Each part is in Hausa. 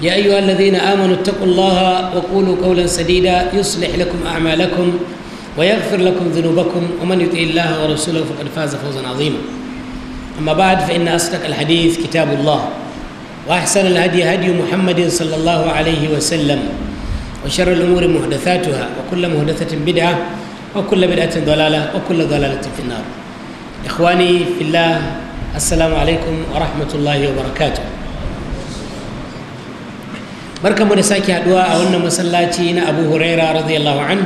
يا أيها الذين آمنوا اتقوا الله وقولوا قولا سديدا يصلح لكم أعمالكم ويغفر لكم ذنوبكم ومن يطع الله ورسوله فقد فاز فوزا عظيما أما بعد فإن أصدق الحديث كتاب الله وأحسن الهدي هدي محمد صلى الله عليه وسلم وشر الأمور محدثاتها وكل محدثة بدعة وكل بدعة ضلالة وكل ضلالة في النار إخواني في الله السلام عليكم ورحمة الله وبركاته mu da sake haduwa a wannan masallaci na abu huraira radiyallahu an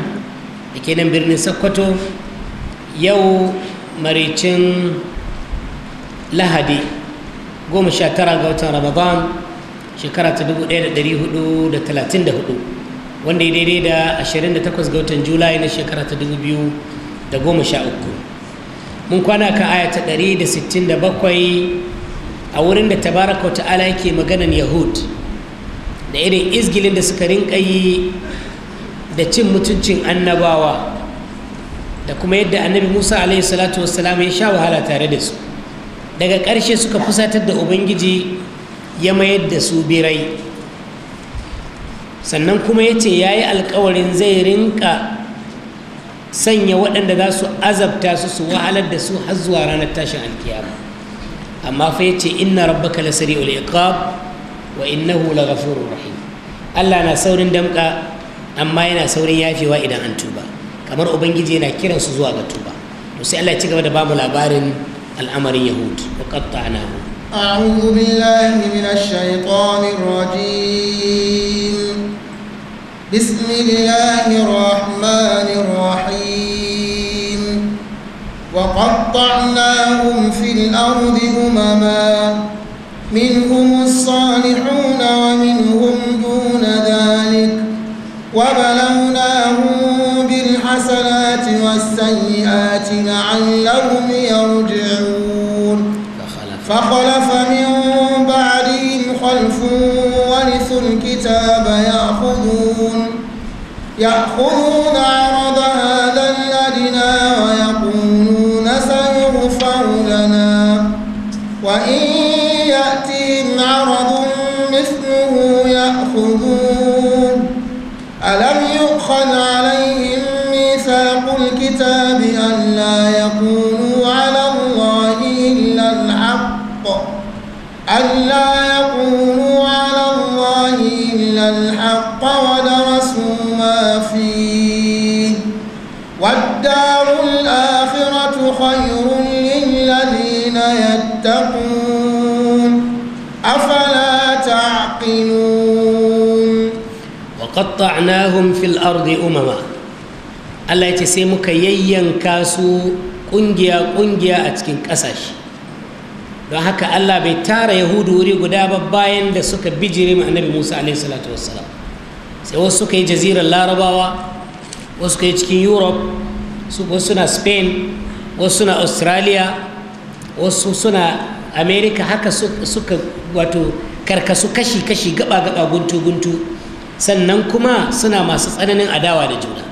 da ke nan birnin sakkwato yau maricin lahadi goma sha tara ga watan ramadan shekara ta 1434 da da wanda ya daidai da 28 ga watan julai na shekara ta 2013 goma sha mun kwana kan aya ta ɗari da a wurin da tabaraka ta'ala yake maganan yahud da irin izgilin da suka rinka yi da cin mutuncin annabawa da kuma yadda annabi musa alaihi salatu salama ya sha wahala tare da su daga ƙarshe suka fusatar da ubangiji ya mayar da su birai sannan kuma ya ce ya yi alkawarin zai rinka sanya waɗanda za su azabta su su wahalar da su har zuwa ranar tashin alkiyama amma fa ya ce inna rabbaka lasari'ul iqab wa innahu laghafurur rahim Allah na saurin damka amma yana saurin yafewa idan an tuba kamar ubangiji yana kiran su zuwa ga tuba to sai Allah ya ci gaba da bamu labarin al'amarin yahud wa qatta'nahu أعوذ بالله من الشيطان الرجيم بسم الله الرحمن الرحيم وقطعناهم في الأرض أمماً منهم الصالحون ومنهم دون ذلك وبلوناهم بالحسنات والسيئات لعلهم يرجعون فخلف من بعدهم خلف ورثوا الكتاب يأخذون يأخذون عرض هذا الأدنى ويقولون سيغفر لنا وإن عرض مثله يأخذون ألم يؤخذ عليهم ميثاق الكتاب أن لا يقولوا على الله إلا الحق أن لا يقولوا على الله إلا الحق ودرسوا ما فيه والدار الآخرة خير للذين يتقون تعقلون وقطعناهم في الأرض أمما Allah ya ce sai muka yayyanka su ƙungiya-ƙungiya a cikin ƙasashe don haka Allah bai tara yahudu wuri guda ba bayan da suka bijire ma annabi Musa alaihi salatu wassalam sai wasu suka yi jazirar larabawa wasu suka yi cikin europe wasu suna spain wasu suna australia wasu suna america haka suka wato karkasu kashi-kashi gaba-gaba guntu-guntu sannan kuma suna masu tsananin adawa da juna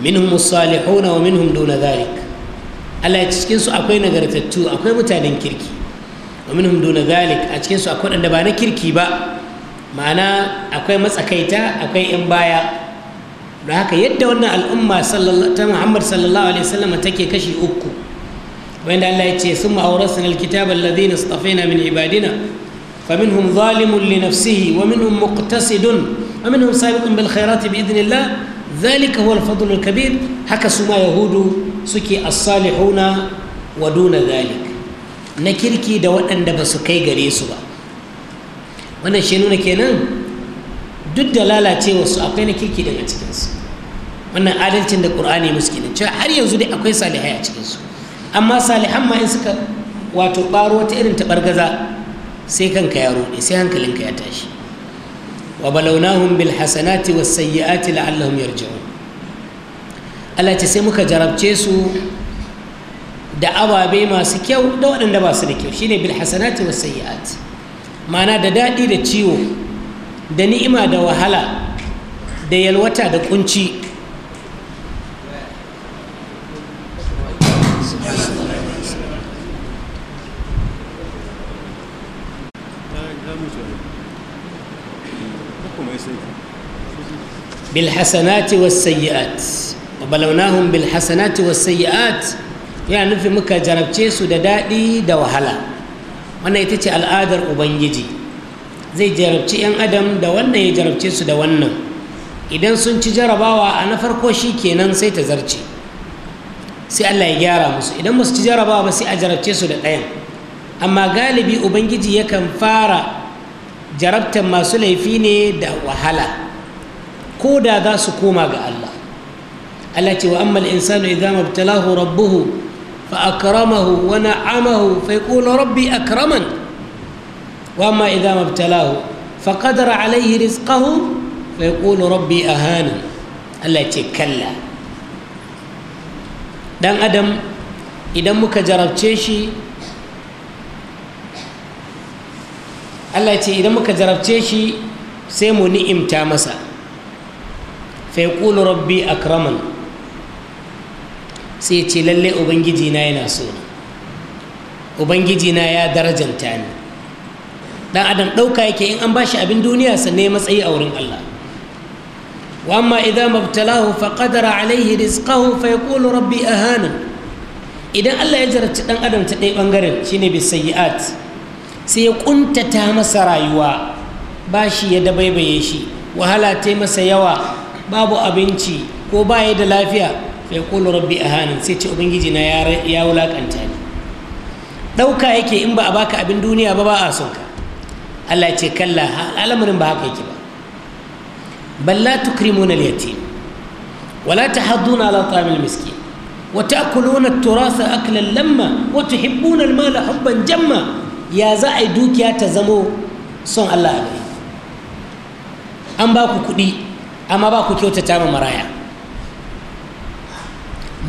minhum hauna wa minhum duna zalik Allah cikinsu akwai nagartattu akwai mutanen kirki wa minhum duna zalik a cikinsu akwai wanda ba na kirki ba ma'ana akwai matsakaita akwai yan baya da haka yadda wannan al'umma ta Muhammad sallallahu alaihi wasallam take kashi uku wanda Allah ya ce summa awrasna alkitaba alladhina istafayna min ibadina فمنهم ظالم لنفسه ومنهم مقتصد ومنهم سابق بالخيرات بإذن الله ذلك هو الفضل الكبير هكذا سما يهود سكي الصالحون ودون ذلك نكركي دواء أندب سكي غريسوا وانا شنون كينا دد دلالة وسو أقين كيكي دنا تكنس وانا آلل تند قرآني مسكين شو هل ينزو دي أقوي صالحة أما صالحة ما ينسك واتو بارو تئرن تبرغزا sai kanka ya ruɗe sai hankalinka ya tashi wa balawnahum bil hasanati was sayyiati la'allahum yarji'un Allah ce sai muka jarabce su da ababe masu kyau da waɗanda ba su da kyau shine bil hasanati was sayyiati ma'ana da daɗi da ciwo da ni'ima da wahala da yalwata da kunci bilhassanati wasayyi'at wa bilhassanati wasayyi'at yana nufin muka jarabce su da daɗi da wahala wannan ita ce al'adar ubangiji zai jarabci 'yan adam da wannan ya jarabce su da wannan idan sun ci jarabawa a na farko shi kenan sai ta zarce sai allah ya gyara musu idan musu ci jarabawa ba sai a jarabce su da ɗayan amma galibi ubangiji yakan fara جربت ما سلي فيني وهلا كودا ذا سكوما الله التي واما الانسان اذا ما ابتلاه ربه فاكرمه ونعمه فيقول ربي اكرمن واما اذا ما ابتلاه فقدر عليه رزقه فيقول ربي اهانا التي كلا دان ادم اذا مكجرب تشيشي Allah ce idan muka jarabce shi sai mu ni'imta masa faiƙulu rabbi akraman sai ce lalle yana so ubangiji na ya darajanta ni dan adam ɗauka yake in an ba shi abin duniya ne matsayi a wurin Allah wa amma idan mabtalahu fa qadara alaihi rizqahu fa yaqulu rabbi ahana idan Allah ya jarabci dan adam ta ɗaya bangaren shine bisayyi'at sai ya kuntata masa rayuwa ba shi ya dabaibaye shi wahala ta masa yawa babu abinci ko ba ya da lafiya fa yaqulu rabbi ahanin sai ce ubangiji na ya wulakanta ni ɗauka yake in ba a baka abin duniya ba ba a son ka Allah ce kalla al'amarin ba haka yake ba balla tukrimuna al-yatim wala tahadduna ala ta'amil miskin wa ta'kuluna at-turasa aklan lamma wa tuhibbuna mala hubban jamma ya za a yi dukiya ta zamo son Allah a an ba ku kuɗi amma ba ku kyautata ma maraya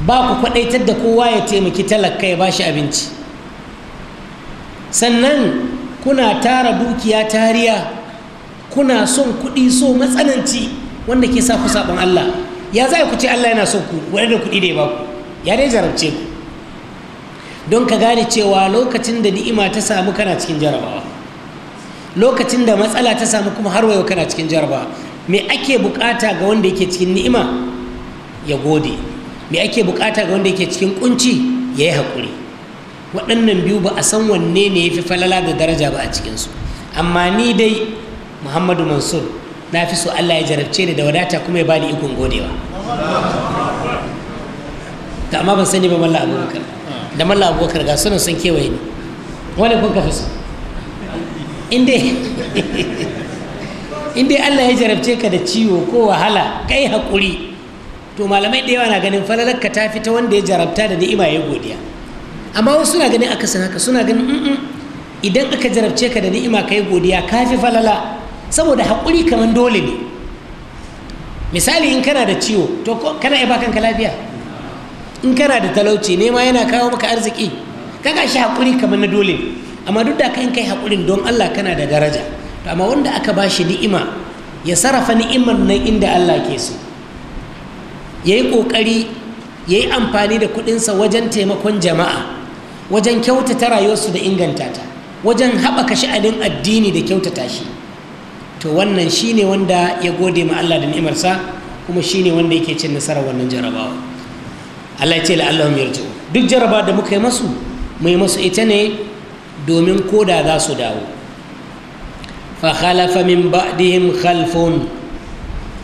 ba ku kwaɗaitar da kowa ya taimaki talaka ya ba shi abinci sannan kuna tara dukiya tariya kuna son kuɗi so matsananci wanda ke sa ku saɓon Allah ya za ku ce Allah yana son ku wadanda kuɗi da ya ba ku ya dai zarabce ku don ka gane cewa lokacin da ni'ima ta samu kana cikin jarabawa lokacin da matsala ta samu kuma har wayo kana cikin jarabawa me ake bukata ga wanda yake cikin ni'ima ya gode me ake bukata ga wanda yake cikin kunci ya yi haƙuri waɗannan biyu ba a san wanne ne ya fi falala da daraja ba a cikinsu amma ni dai muhammadu mansur na fi so allah ya jarabce ni da wadata kuma ya bani ikon godewa ta amma ban sani ba mallah abubakar da malla abubakar ga sunan sun kewaye ne wani kun kafa su inda allah ya jarabce ka da ciwo ko wahala kai haƙuri to malamai da yawa na ganin ka ta fita wanda ya jarabta da ni'ima ya godiya amma wasu suna ganin akasin haka suna ganin idan aka jarabce ka da ni'ima ka yi godiya ka fi falala saboda haƙuri kamar dole ne misali in kana da ciwo to kana iya bakanka lafiya in kana da talauci nema yana kawo maka arziki kaga shi hakuri kamar na dole amma duk da kan kai hakurin don Allah kana da daraja to amma wanda aka ba shi ni'ima ya sarrafa ni'imar nan inda Allah ke so yayi yi yayi amfani da kuɗinsa wajen taimakon jama'a wajen kyautata rayuwarsu da inganta ta wajen haɓaka sha'anin addini da kyautata shi to wannan shine wanda ya gode ma Allah da ni'imarsa kuma shine wanda yake cin nasarar wannan jarabawa Allah ya ce la'allahum yarji'u duk jaraba da muka yi masu mu masu ita ne domin koda za su dawo fa khalafa min ba'dihim khalfun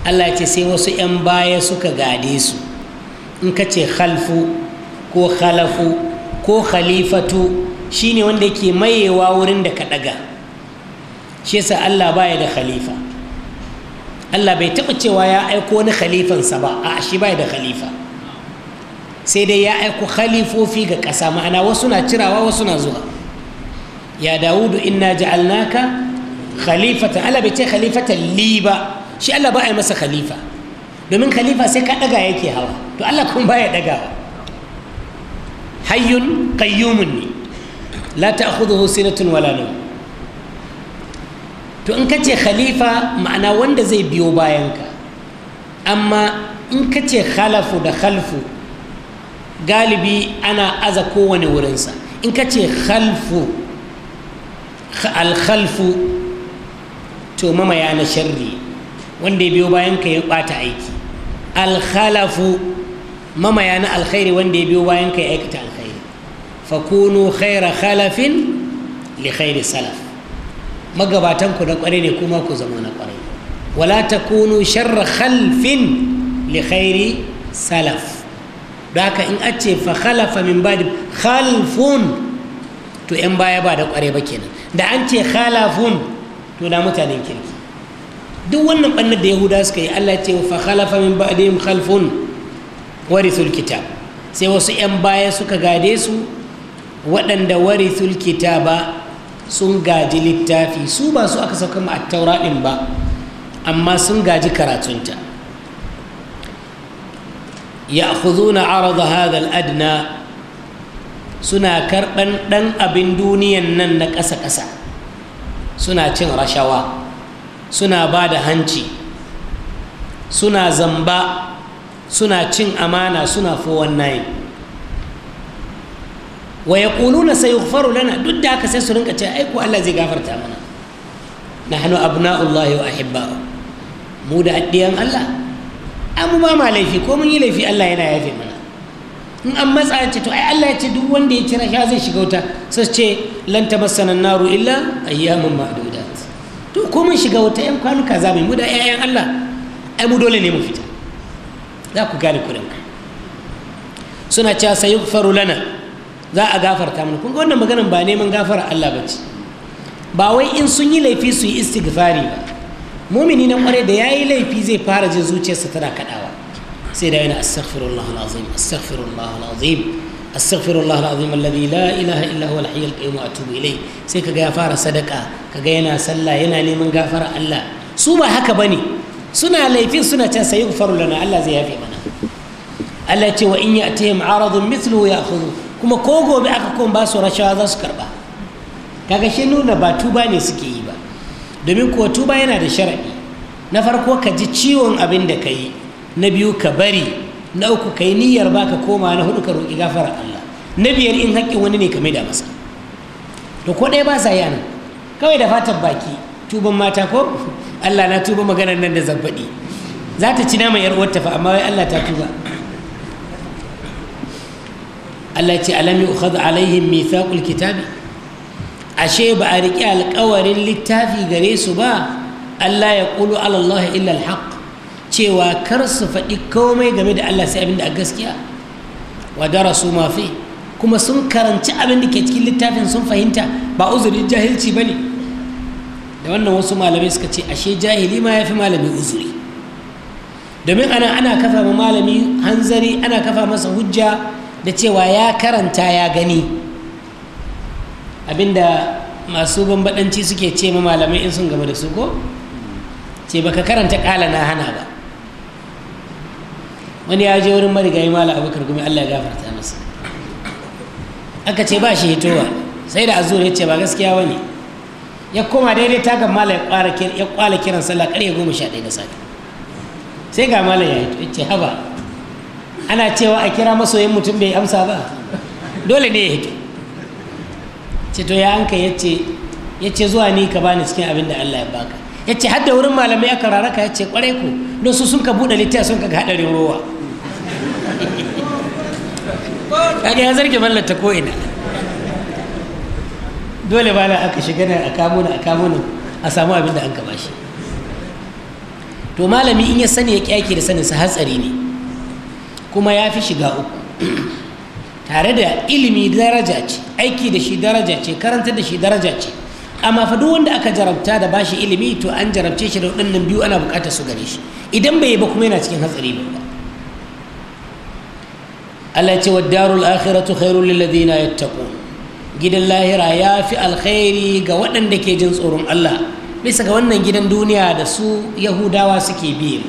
Allah ya ce sai wasu 'yan baya suka gade su in ka ce khalfu ko khalafu ko khalifatu shine wanda yake mayewa wurin da ka daga shi yasa Allah baya da khalifa Allah bai taɓa cewa ya aiko wani khalifansa ba a shi baya da khalifa sai dai ya aiko khalifofi ga ƙasa ma'ana wasu na cirawa wasu na zuwa ya dawudu inna ja'alnaka khalifatan Allah bai ce khalifatan liba shi Allah ba a yi masa khalifa domin khalifa sai ka daga yake hawa to Allah kun baya dagawa hayyun qayyumun ne la ta'khudhuhu sinatun wala nawm to in kace khalifa ma'ana wanda zai biyo bayanka amma in kace khalafu da khalfu galibi ana aza kowane wurinsa in ka ce khalfu alkhalfu to mamaya na sharri wanda ya biyo bayan ka ya bata aiki alkhalafu mamaya na alkhairi wanda ya biyo bayan ka ya aikata alkhairi fakunu khaira khalafin li khairi salaf magabatan ku na kware ne kuma ku zama na kware wala takunu sharra khalfin li khairi salaf don haka in an ce fa khalafa min ba'di khalfun to yan baya ba da kware ba kenan da an ce khalafun to da mutanen kirki duk wannan bannin da yahuda suka yi Allah ce fa khalafa min ba'dihim khalfun warithul kitab sai wasu yan baya suka gade su waɗanda warithul kitaba sun gaji littafi su ba su aka saka mu a taura ba amma sun gaji karatunta ياخذون عرض هذا الادنى سنا كربن دن abin دنيا nan na kasa kasa suna cin rashawa suna bada hanci suna zamba suna cin amana suna fowan nayi wa yaquluna sayughfaru lana duk da haka sai su rinka ce aiku ko Allah zai gafarta mana nahnu abna'ullahi wa ahibba'u mu da addiyan Allah an mu ma laifi ko mun yi laifi Allah yana yafe mana in an matsa ce to ai Allah ya ce duk wanda ya kira sha zai shiga wuta sai ce lan tamassana naru illa ayyamun ma'dudat to ko mun shiga wuta yan kwanuka za mu da ƴaƴan Allah ai mu dole ne mu fita za ku gane kuɗin suna cewa sai yughfaru lana za a gafarta mana kun ga wannan maganan ba neman gafara Allah bace ba wai in sun yi laifi su yi istighfari ba mumini na kware da yayi laifi zai fara jin zuciyarsa tana kadawa sai da yana astaghfirullah alazim astaghfirullah alazim astaghfirullah alazim alladhi la ilaha illa huwa alhayy alqayyum wa atubu ilayh sai kaga ya fara sadaka kaga yana sallah yana neman gafara Allah su ba haka bane suna laifin suna can sai yughfaru lana Allah zai yafe mana Allah ya ce wa in ya'tihim aradun mithluhu ya'khudhu kuma ko gobe aka kuma ba su rashawa za su karba kaga shi nuna ba tuba ne suke yi domin kuwa tuba yana da shara'i na farko ka ji ciwon abin da ka yi na biyu ka bari na uku ka yi niyyar ba ka koma na hudu ka roƙi gafarar Allah na biyar in haƙƙin wani ne ka maida masa to ko ɗaya ba sa yi kawai da fatan baki tuban mata ko Allah na tuba maganar nan da zan faɗi za ta ci nama yar uwarta fa amma wai Allah ta tuba Allah ya ce alam yu'khadhu alaihim mithaqul kitabi ashe ba a riƙe alƙawarin littafi gare su ba Allah ya ƙulu Allah illa alhaq cewa kar su faɗi komai game da Allah sai abin da a gaskiya wa darasu ma fi kuma sun karanci abin da ke cikin littafin sun fahimta ba uzurin jahilci ba ne da wannan wasu malamai suka ce ashe jahili ma ya fi malami uzuri domin ana ana kafa ma malami hanzari ana kafa masa hujja da cewa ya karanta ya gani abinda masu bambadanci suke ce ma malamai in sun gaba da su ko ce baka karanta kala na hana ba wani ya je wurin marigayi mala abokar gumi allah ya gafarta masa aka ce ba shi hitowa sai da azura ya ce ba gaskiya wani ya koma daidai tagan mala ya kwala kiran sallah ya goma sha ɗaya da safe sai ga mala ya hito ce haba ana cewa a kira masoyin mutum bai amsa ba dole ne ya hito ce to ya hanka ya ce zuwa ni ka bani cikin abin da Allah ya baka ya ce hadda wurin malamai aka raraka ya ce kwarai ku don su sun ka buɗe littafi sun ka ga haɗarin ruwa kaga ya zarge mallata ko ina dole bana aka shiga ne a kamo a kamo a samu abin da an gaba shi to malami in ya sani ya kyake da sanin sa hatsari ne kuma ya fi shiga uku tare da ilimi daraja ce aiki da shi daraja ce karanta da shi daraja ce amma fa duk wanda aka jarabta da bashi ilimi to an jarabce shi da waɗannan biyu ana buƙatar su gare shi idan bai yi ba kuma yana cikin hatsari ba Allah ce wa darul akhiratu khairul lil ladina yattaqun gidan lahira ya fi alkhairi ga waɗanda ke jin tsoron Allah bisa ga wannan gidan duniya da su yahudawa suke biye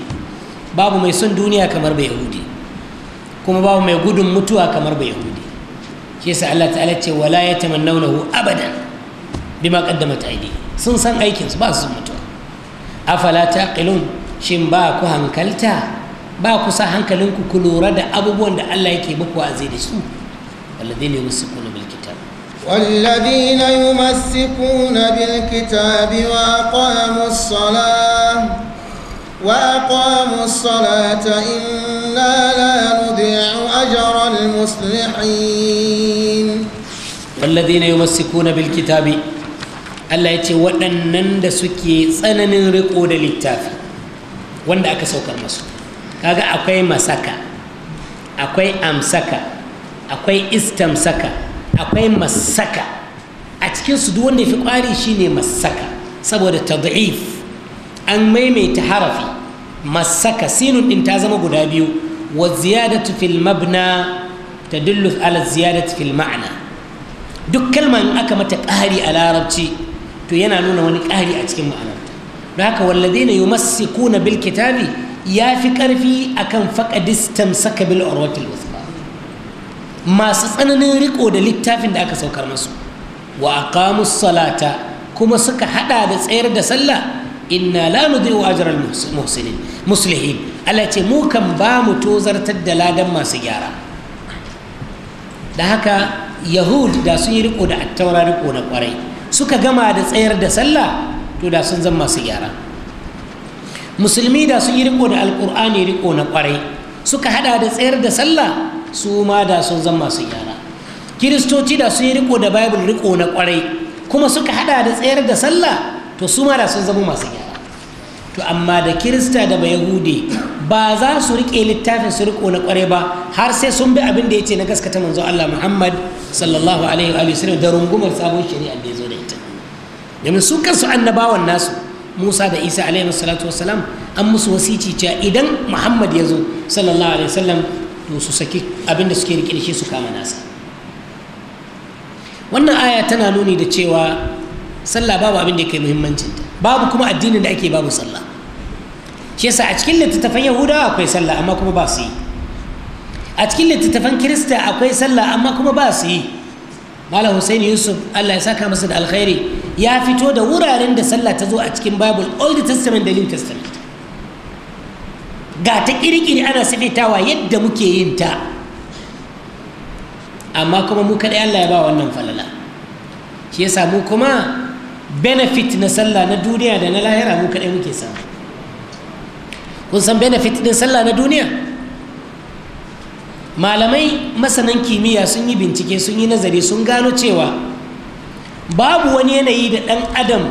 babu mai son duniya kamar bai yahudi kuma babu mai gudun mutuwa kamar ba yahudi shi yasa Allah ta'ala ce wala yatamannawnahu abadan bima qaddamat aidi sun san aikin su ba su mutuwa afala taqilun shin ba ku hankalta ba ku sa hankalinku ku lura da abubuwan da Allah yake muku wa'azi da su walladhina yumsikuna bil kitab والذين يمسكون بالكتاب وأقاموا الصلاة وأقاموا الصلاة إنا لا نضيع أجر المصلحين والذين يمسكون بالكتاب Allah ya ce waɗannan da suke tsananin riko da littafi wanda aka saukar masu kaga akwai masaka akwai amsaka akwai saka akwai masaka a cikin su duk wanda ya fi ƙwari shine masaka saboda tad'if an maimaita harafi masaka sinun din ta zama guda biyu wa ziyadatu fil mabna tadullu ala ziyadatu fil ma'na duk kalman aka mata ƙari a larabci to yana nuna wani ƙari a cikin ma'anarta don haka walladaina yumassikuna bil kitabi ya fi ƙarfi akan faqadis tamsaka bil urwatil wuthqa masu tsananin riko da littafin da aka saukar masu wa aqamus salata kuma suka hada da tsayar da sallah inna la nudhi'u ajral muhsinin muslihin Allah ce mu kan ba mu tozartar da ladan masu gyara da haka yahud da sun yi riko da attaura riko na kwarai suka gama da tsayar da sallah to da sun zama masu gyara musulmi da sun yi riko da alkur'ani riko na kwarai suka hada da tsayar da sallah su ma da sun zama masu gyara kiristoci da sun yi riko da bible riko na kwarai kuma suka hada da tsayar da sallah to su ma da sun zama masu gyara to amma da kirista da bayahude ba za su riƙe littafin su riƙo na ƙware ba har sai sun bi abin da ya ce na gaskata manzo Allah Muhammad sallallahu alaihi wa sallam da rungumar sabon shari'a da ya zo da ita domin su kansu annabawan nasu Musa da Isa alaihi salatu wassalam an musu wasici cewa idan Muhammad ya zo sallallahu alaihi wasallam to su saki abin da suke riƙe da shi su kama nasa wannan aya tana nuni da cewa sallah babu abin da ya kai babu kuma addinin da ake babu sallah shi yasa a cikin littattafan Yahuda akwai sallah amma kuma ba su yi a cikin littattafan kirista akwai sallah amma kuma ba su yi malam hussein yusuf allah ya saka masa da alkhairi ya fito da wuraren da sallah ta zo a cikin bible old testament da new testament ga ta kirkiri ana sifitawa yadda muke yin ta amma kuma mu kaɗai allah ya ba wannan falala shi yasa mu kuma benefit na sallah na duniya da na lahira mu kaɗai muke samu kun san benefit ɗin sallah na duniya malamai masanan kimiyya sun yi bincike sun yi nazari sun gano cewa babu wani yanayi da ɗan adam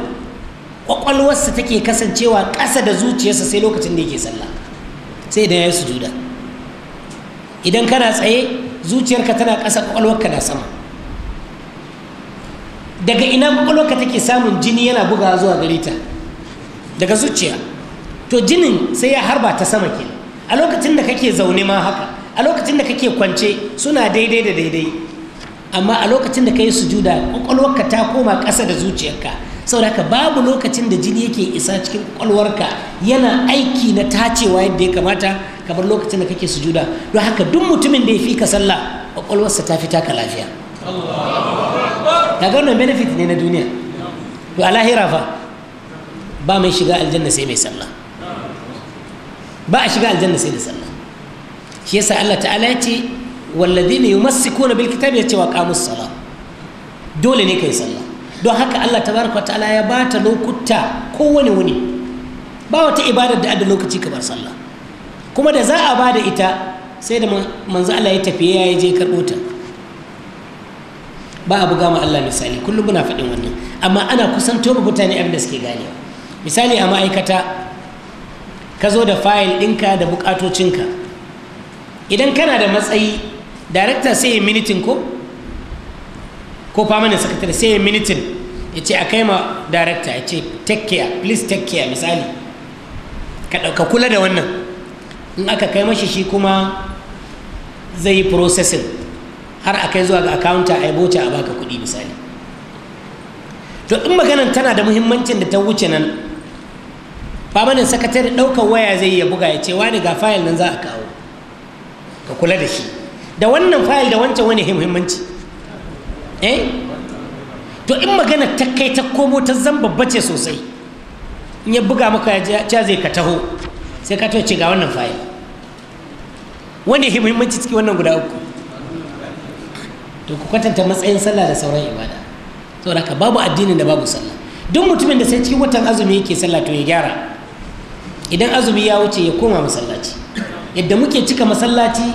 ƙwaƙwalwarsa take kasancewa ƙasa da zuciyarsa sai lokacin da yake sallah sai da ya yi sujuda idan kana tsaye zuciyarka tana ƙasa kwakwalwarka na sama daga ina kwakwalwarka take samun jini yana buga zuwa gare ta daga zuciya to jinin sai ya harba ta sama ke a lokacin da kake zaune ma haka a lokacin da kake kwance suna daidai da daidai amma a lokacin da ka yi sujuda kwakwalwarka ta koma ƙasa da zuciyarka saboda haka babu lokacin da jini yake isa cikin kwakwalwarka yana aiki na tacewa yadda ya kamata kamar lokacin da kake sujuda don haka duk mutumin da ya fi ka sallah kwakwalwarsa ta fi taka lafiya kaga wannan benefit ne na duniya to a fa ba mai shiga aljanna sai mai sallah ba a shiga aljanna sai da sallah shi yasa Allah ta'ala ya ce ne yumassikuna bil kitabi ya ce wa kamus sallah dole ne kai sallah don haka Allah tabaraka ta'ala ya bata lokuta kowane wuni ba wata ibadar da ada lokaci kamar sallah kuma da za a ba da ita sai da manzo Allah ya tafi ya je karɓo ta ba a buga ma Allah misali kullum muna faɗin wannan amma ana kusanto ma mutane yan da suke gane misali a ma'aikata ka zo da fayil ɗinka da buƙatocinka idan kana da matsayi darakta sai ya minitin ko ko famanin sakatare sai ya minitin ya ce a kai ma darakta ya ce take care please take care misali ka kula da wannan in aka kai mashi shi kuma zai yi processing har a kai zuwa ga akawunta a yabo ta a baka kuɗi misali to in maganan tana da muhimmancin da ta wuce nan famanin sakatare ɗaukar waya zai ya buga ya ce wani ga fayil nan za a kawo ka kula da shi da wannan fayil da wancan wani muhimmanci eh to in magana ta kai ta komo ta zan babba ce sosai in ya buga maka ya zai ka taho sai ka ce ga wannan fayil wani muhimmanci ciki wannan guda uku to ku kwatanta matsayin sallah da sauran ibada saboda babu addinin da babu sallah duk mutumin da sai cikin watan azumi yake sallah to ya gyara idan azumi ya wuce ya koma masallaci yadda muke cika masallaci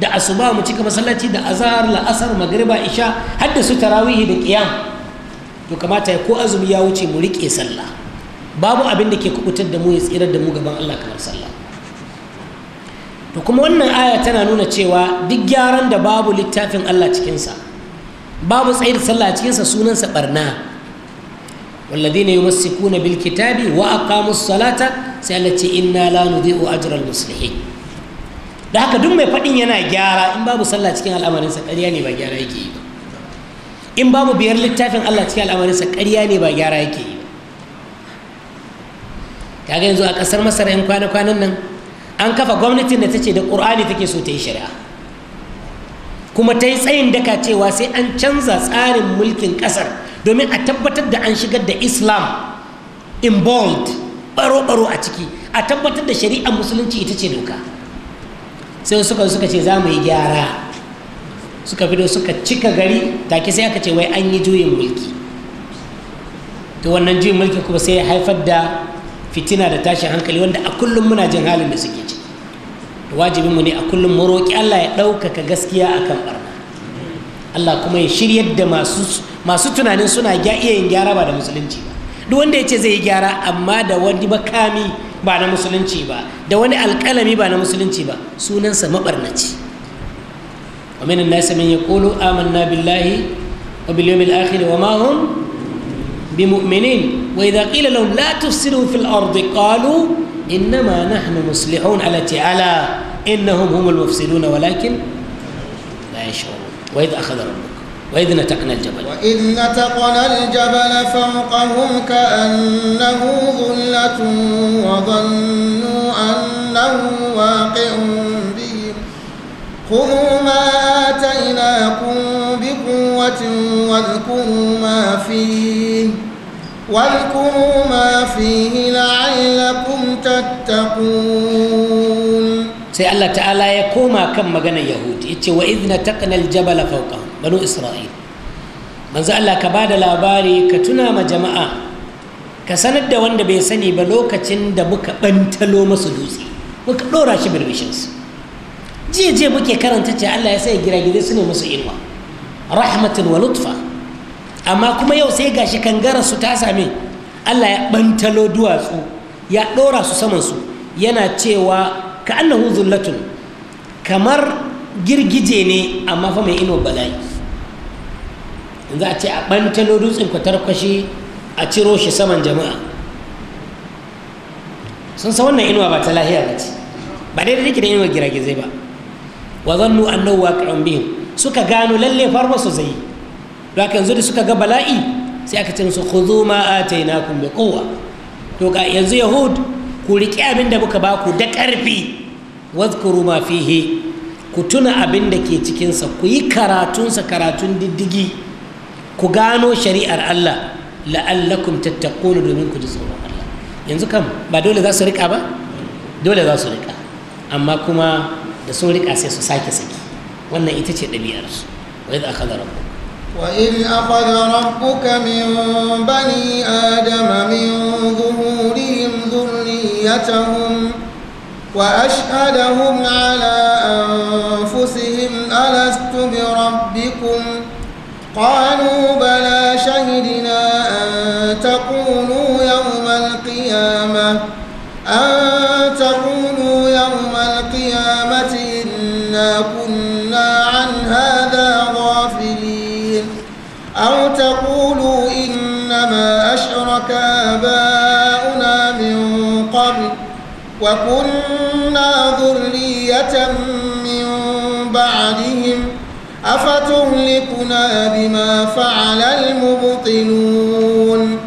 da asuba mu cika masallaci da azhar la'asar magriba isha har da su tarawihi da qiyam to kamata ya ko azumi ya wuce mu rike sallah babu abin da ke kubutar da mu ya tsirar da mu gaban Allah kamar sallah to kuma wannan aya tana nuna cewa duk gyaran da babu littafin Allah cikinsa babu tsaye da sallah cikinsa sunansa barna والذين يمسكون بالكتاب وأقاموا الصلاة سألتي إنا لا نضيء أجر المصلحين da haka duk mai faɗin yana gyara in babu sallah cikin al'amarinsa ƙarya ne ba gyara yake yi ba in babu biyar littafin Allah cikin al'amarinsa ƙarya ne ba gyara yake yi ba kaga yanzu a ƙasar masar 'yan kwana-kwanan nan an kafa gwamnatin da ta ce da ƙur'ani take so ta yi shari'a kuma ta yi tsayin daka cewa sai an canza tsarin mulkin ƙasar domin a tabbatar da an shigar da islam involved baro-baro a ciki a tabbatar da shari'ar musulunci ita ce doka sai suka suka ce za mu yi gyara suka fito suka cika gari take sai aka ce wai an yi juyin mulki to wannan juyin mulki kuma sai ya haifar da fitina da tashin hankali wanda a kullum muna jin halin da suke ci wajibin mu ne a kullum mu roƙi Allah ya ɗaukaka gaskiya a kan barna Allah kuma ya shiryar da masu masu tunanin suna iya yin gyara ba da musulunci ba duk wanda ya ce zai yi gyara amma da wani makami ba na musulunci ba da wani alƙalami ba na musulunci ba sunansa maɓarnaci wa minan nasi min yaqulu amanna billahi wa bil yawmil akhir wa ma hum bimu'minin وإذا قيل لهم لا تفسدوا في الأرض قالوا إنما نحن مصلحون التي تعالى إنهم هم المفسدون ولكن لا يشعرون وإذ أخذ ربك وإذ نتقنا الجبل وإذ نتقنا الجبل فوقهم كأنه ظلة وظنوا أنه واقع بهم خذوا ما آتيناكم بقوة واذكروا ما فيه واذكروا ما فيه لعلكم تتقون سي الله تعالى يكوما كم مغنى يهود يتي وإذ نتقنا الجبل فوقهم بنو إسرائيل manzo Allah ka ba da labari ka tuna ma jama'a ka sanar da wanda bai sani ba lokacin da muka bantalo masu dutse muka dora shi birbishinsu jiya jiya muke karanta ce Allah ya sai giragizai su ne masu inuwa rahmatin wa lutfa amma kuma yau sai gashi su ta same allah ya ɓantalo duwatsu ya dora su samansu yana cewa ka annahu zullatun kamar girgije ne amma fa mai ino bala'i za a ce a ɓantalo dutsen kwatarkwashi a ciro shi saman jama'a sun san wannan inuwa ba ta lahiya ba ce ba dai da da inuwa gizai ba wa zannu annahu waqi'un bihim suka gano lalle farba su zai don yanzu da suka ga bala'i sai aka cin su khudhu ma atainakum bi quwwa to ga yanzu yahud ku riƙe abin da muka baku da ƙarfi wazkuru ma fihi ku tuna abin da ke cikinsa ku yi karatunsa karatun diddigi ku gano shari'ar Allah la'allakum tattaquna domin ku ji tsoron Allah yanzu kam ba dole za su riƙa ba dole za su riƙa amma kuma da sun riƙa sai su sake saki wannan ita ce ɗabi'arsu wa yadda aka ku. وإذ أخذ ربك من بني آدم من ظهورهم ذريتهم وأشهدهم على أنفسهم ألست بربكم قالوا بلى شهدنا أن تقولوا يوم القيامة أن تقولوا يوم القيامة إنا كنا أو تقولوا إنما أشرك آباؤنا من قبل وكنا ذرية من بعدهم أفتهلكنا بما فعل المبطلون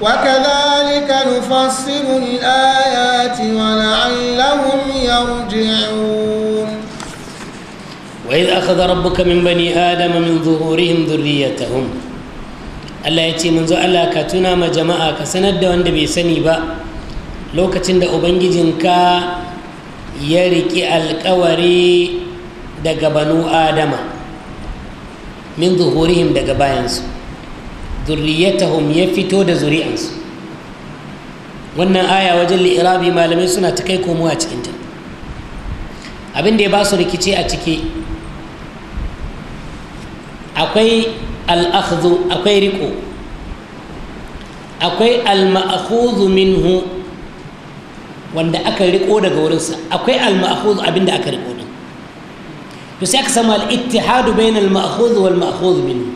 وكذلك نفصل الآيات ولعلهم يرجعون وإذ أخذ ربك من بني آدم من ظهورهم ذريتهم Allah ya ce manzo Allah ka tuna ma jama'a ka sanar da wanda bai sani ba lokacin da ubangijinka ya riƙi alkawari daga banu adama min zuhurihim daga bayansu zurriyatahum ya fito da zuri'ansu wannan aya wajen li'irabi malamai suna ta kai komo a cikinta abin da ya ba su rikici a ciki akwai al'akhzu akwai riko akwai al-ma'khudhu minhu wanda aka riko daga wurinsa akwai al abinda aka riko din to sai aka samu al-ittihadu bain al-ma'khudh wal minhu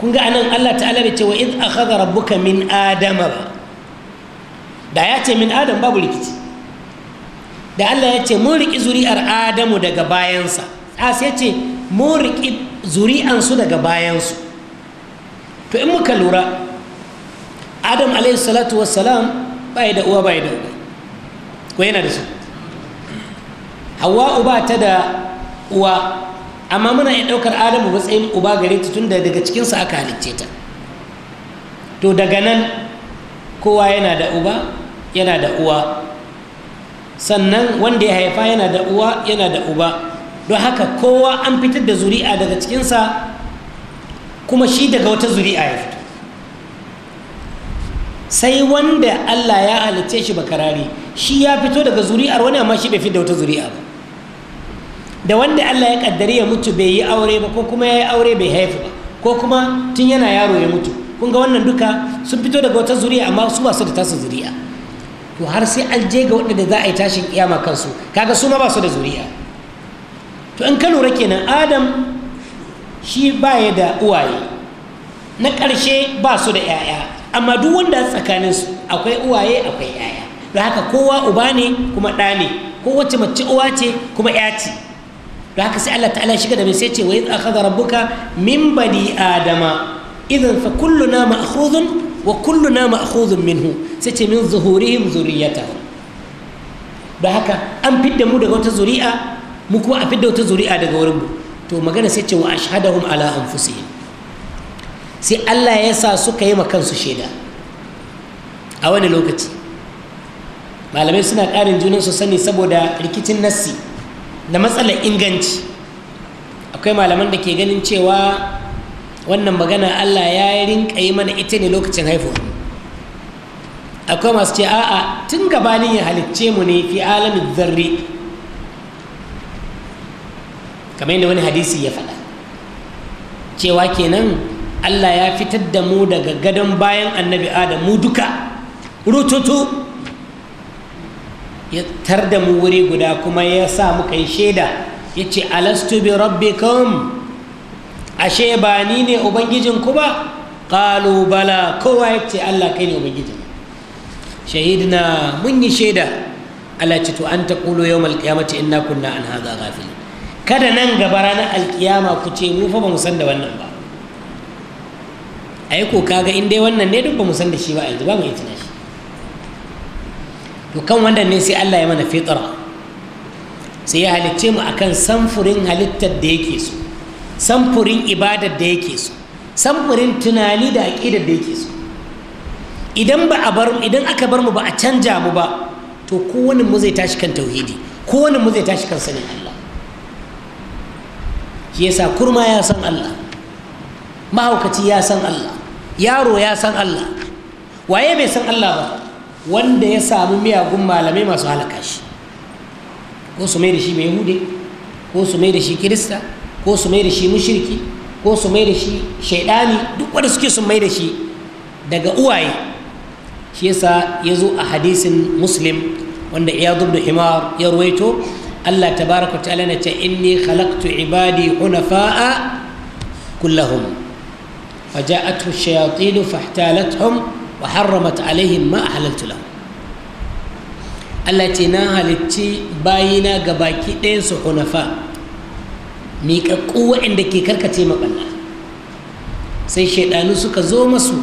kun ga anan Allah ta'ala bai ce wa id akhadha rabbuka min adama ba da ya ce min adam babu rikici da Allah ya ce mun riki zuri'ar adamu daga bayansa as ya ce mun riƙi zuri'ansu daga bayansu to in muka lura adam salatu wassalam bai da uwa bai da uba ko yana da su hawa uba ta da uwa amma muna iya ɗaukar adamu matsayin uba gare ta tun daga cikinsa aka halicce ta to daga nan kowa yana da uba yana da uwa sannan wanda ya haifa yana da uwa yana da uba don haka kowa an fitar da zuri'a daga cikinsa kuma shi daga wata zuri'a ya fito sai wanda allah ya halitta shi bakarare shi ya fito daga zuri'ar wani amma shi bai fito da wata zuri'a ba da wanda allah ya kaddari ya mutu bai yi aure ba ko kuma ya yi aure bai haifu ba ko kuma tun yana yaro ya mutu kun ga wannan duka sun fito daga wata zuri'a amma su ba su da tasa zuri'a to har sai an je ga waɗanda za a yi tashin kiyama kansu kaga su ma ba su da zuri'a to in ka kenan adam shi baya da uwaye na ƙarshe ba su da 'ya'ya amma duk wanda tsakanin su akwai uwaye akwai 'ya'ya da haka kowa uba ne kuma ɗa ne kowace mace uwa ce kuma 'ya ce da haka sai Allah ta'ala shiga da mai sai ce wa a akhadha rabbuka min bani adama idan fa kulluna ma'khudhun wa kulluna ma'khudhun minhu sai ce min zuhurihim zuriyata da haka an fidda mu daga wata zuri'a mu kuma a fidda wata zuri'a daga wurin to magana sai ce wa ashhadahum ala anfusihim sai Allah ya sa suka yi ma kansu shaida a wani lokaci malamai suna ƙarin junan su sani saboda rikicin nassi da matsalar inganci akwai malaman da ke ganin cewa wannan magana Allah ya rinka yi mana ita ne lokacin haifuwa akwai masu ce a'a tun gabanin ya halicce mu ne fi alamin zarri kamar yadda wani hadisi ya faɗa cewa kenan Allah ya fitar da mu daga gadon bayan annabi adam mu duka rututu ya tar da mu wuri guda kuma ya sa muka yi shaida ya ce alastu bi rabbikum ashe ba ni ne ubangijinku ba ƙalubala kowa ya ce Allah kai ne ubangijin shahidina mun yi shaida Allah ce to an taƙulo yau malƙiyamata inna kunna an haza gafili kada nan gaba ranar alkiyama ku ce mu fa ba mu san da wannan ba ai ko kaga in dai wannan ne duk ba mu san da shi ba yanzu ba mu yi tunashi to kan wannan ne sai Allah ya mana fitra sai ya halicce mu akan samfurin halittar da yake so samfurin ibadar da yake so samfurin tunani da aqidar da yake so idan ba a bar idan aka bar mu ba a canja mu ba to kowanne mu zai tashi kan tauhidi kowanne mu zai tashi kan sanin Allah shi yasa kurma ya san Allah mahaukaci ya san Allah yaro ya san Allah waye bai san Allah ba wanda ya samu miyagun malamai masu halaka shi ko su mai da shi mai ko su mai da shi kirista ko su mai da shi mushirki ko su mai da shi shaidani duk wanda suke sun mai da shi daga uwaye shi yasa ya zo a hadisin muslim wanda iyadu da himar ya ruwaito Allah tabaraka ta'ala na ce inni khalaqtu ibadi hunafa'a kullahum faja'atuhu shayatin fahtalathum wa harramat alaihim ma ahlaltu lahum Allah ce na halicci bayina ga baki ɗayan su hunafa miƙaƙƙu waɗanda ke karkace maɓalla sai shaidanu suka zo masu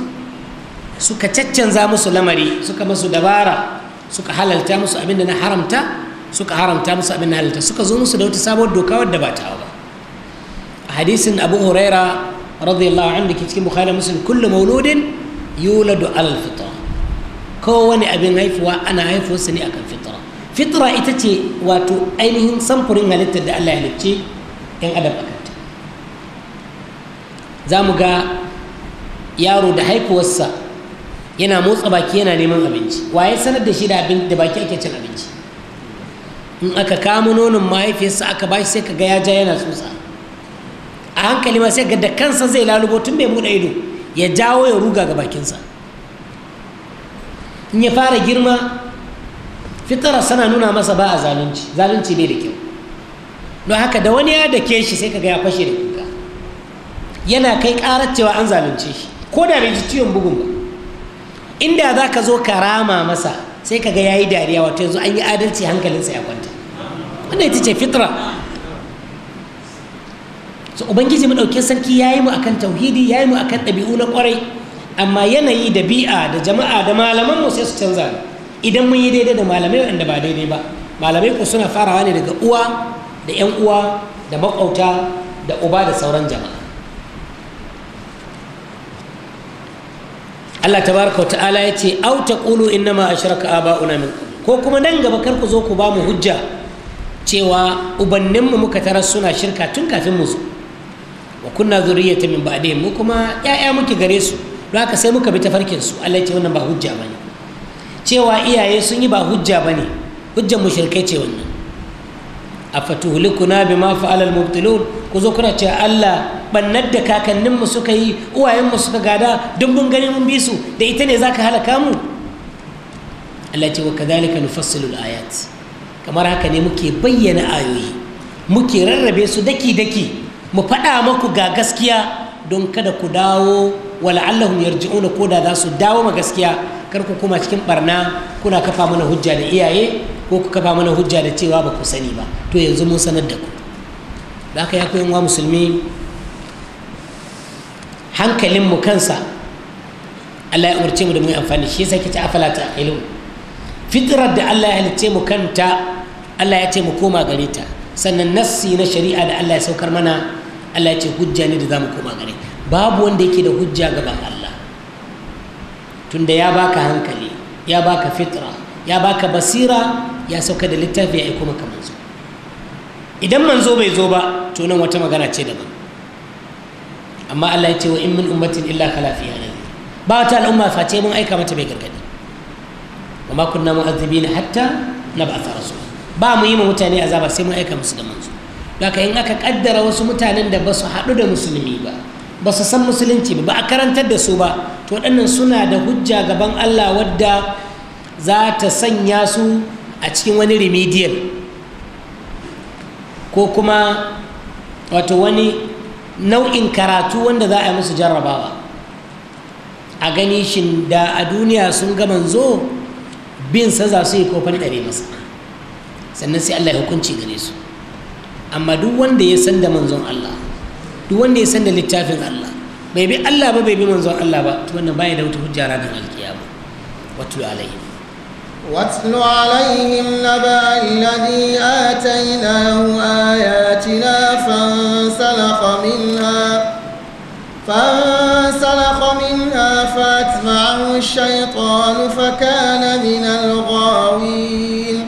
suka caccanza musu lamari suka masu dabara suka halalta musu abinda na haramta suka haramta musu abin halitta suka zo musu da wata sabuwar doka wadda ba ta ba a hadisin abu huraira radiyallahu anhu ke cikin bukhari muslim kullu mauludin yuladu alal fitra kowane abin haifuwa ana haifuwarsa ne akan fitra fitra ita ce wato ainihin samfurin halittar da Allah ya halicce yan adam a ta za mu ga yaro da haifuwarsa yana motsa baki yana neman abinci waye sanar da shi da da baki ake cin abinci in aka kama nonon mahaifiyarsa aka ba shi sai ka gaya ja yana tsotsa a hankali ma sai ga da kansa zai lalubo tun bai buɗe ido ya jawo ya ruga ga bakinsa in ya fara girma fitara sana nuna masa ba a zalunci zalunci bai da kyau don haka da wani ya dake shi sai ka ya fashe da kuka yana kai karar cewa an zalunce shi ko da bai ji ciwon bugun ba inda za ka zo ka rama masa sai kaga yayi dariya wato yanzu an yi adalci hankalinsa ya kwanta wannan ita ce fitra so ubangiji madaukin sarki yayi mu akan tauhidi yayi mu akan dabi'u na kwarai amma yanayi da bi'a da jama'a da malaman mu sai su canza idan mun yi daidai da malamai wanda ba daidai ba malamai ku suna farawa ne daga uwa da yan uwa da makwauta da uba da sauran jama'a Allah tabaraka wa ta'ala ya ce aw taqulu innama ashraka aba'una min ko kuma nan gaba kar ku zo ku ba mu hujja cewa ubanninmu muka tarar suna shirka tun kafin mu zo wa kunna zuriyatan min ba'dihim mu kuma ya'ya muke gare su don haka sai muka bi ta farkin su Allah ya ce wannan ba hujja bane cewa iyaye sun yi ba hujja bane hujjar shirka ce wannan afatuhlikuna bima fa'ala almubtilun ku zo kuna cewa Allah bannar da kakanninmu suka yi uwayenmu suka gada duk mun gani mun bi su da ita ne za ka halaka mu Allah ce wa kadhalika nufassilul ayat kamar haka ne muke bayyana ayoyi muke rarrabe su daki daki mu faɗa maku ga gaskiya don kada ku dawo wala'allahum yarji'una ko koda za su dawo ma gaskiya kar ku kuma cikin barna kuna kafa mana hujja da iyaye ko ku kafa mana hujja da cewa ba ku sani ba to yanzu mun sanar da ku da haka ya koyan wa musulmi hankalinmu kansa Allah ya umarce mu da mu yi amfani shi sai kici afala ta aqilu fitrar da Allah ya halicce mu kanta Allah ya ce mu koma gare ta sannan nassi na shari'a da Allah ya saukar mana Allah ya ce hujja ne da zamu koma gare babu wanda yake da hujja gaban Allah tunda ya baka hankali ya baka fitra ya baka basira ya sauka da littafi ya aiko maka manzo idan manzo bai zo ba to nan wata magana ce daban amma Allah ya ce wa in min ummatin illa kala fiha nadhir ba wata al'umma face mun aika mata mai gargadi wa ma kunna mu'azzibina hatta nab'atha rasul ba mu yi mu mutane azaba sai mun aika musu da manzo haka in aka kaddara wasu mutanen da ba su haɗu da musulmi ba ba su san musulunci ba ba a karantar da su ba to waɗannan suna da hujja gaban Allah wadda za ta sanya su a cikin wani remedial ko kuma wato wani nau'in karatu wanda za a yi musu jarrabawa a gani shin da a duniya sun ga manzo bin sa za su yi kofar ɗari masa sannan sai Allah ya hukunci gare su amma duk wanda ya san da manzon Allah duk wanda ya san da littafin Allah bai bi Allah ba bai bi manzon Allah ba to wannan baya da wata hujjara da alkiyama wato alaihi واتل عليهم نبأ الذي آتيناه آياتنا فانسلخ منها فانسلخ منها فأتبعه الشيطان فكان من الغاوين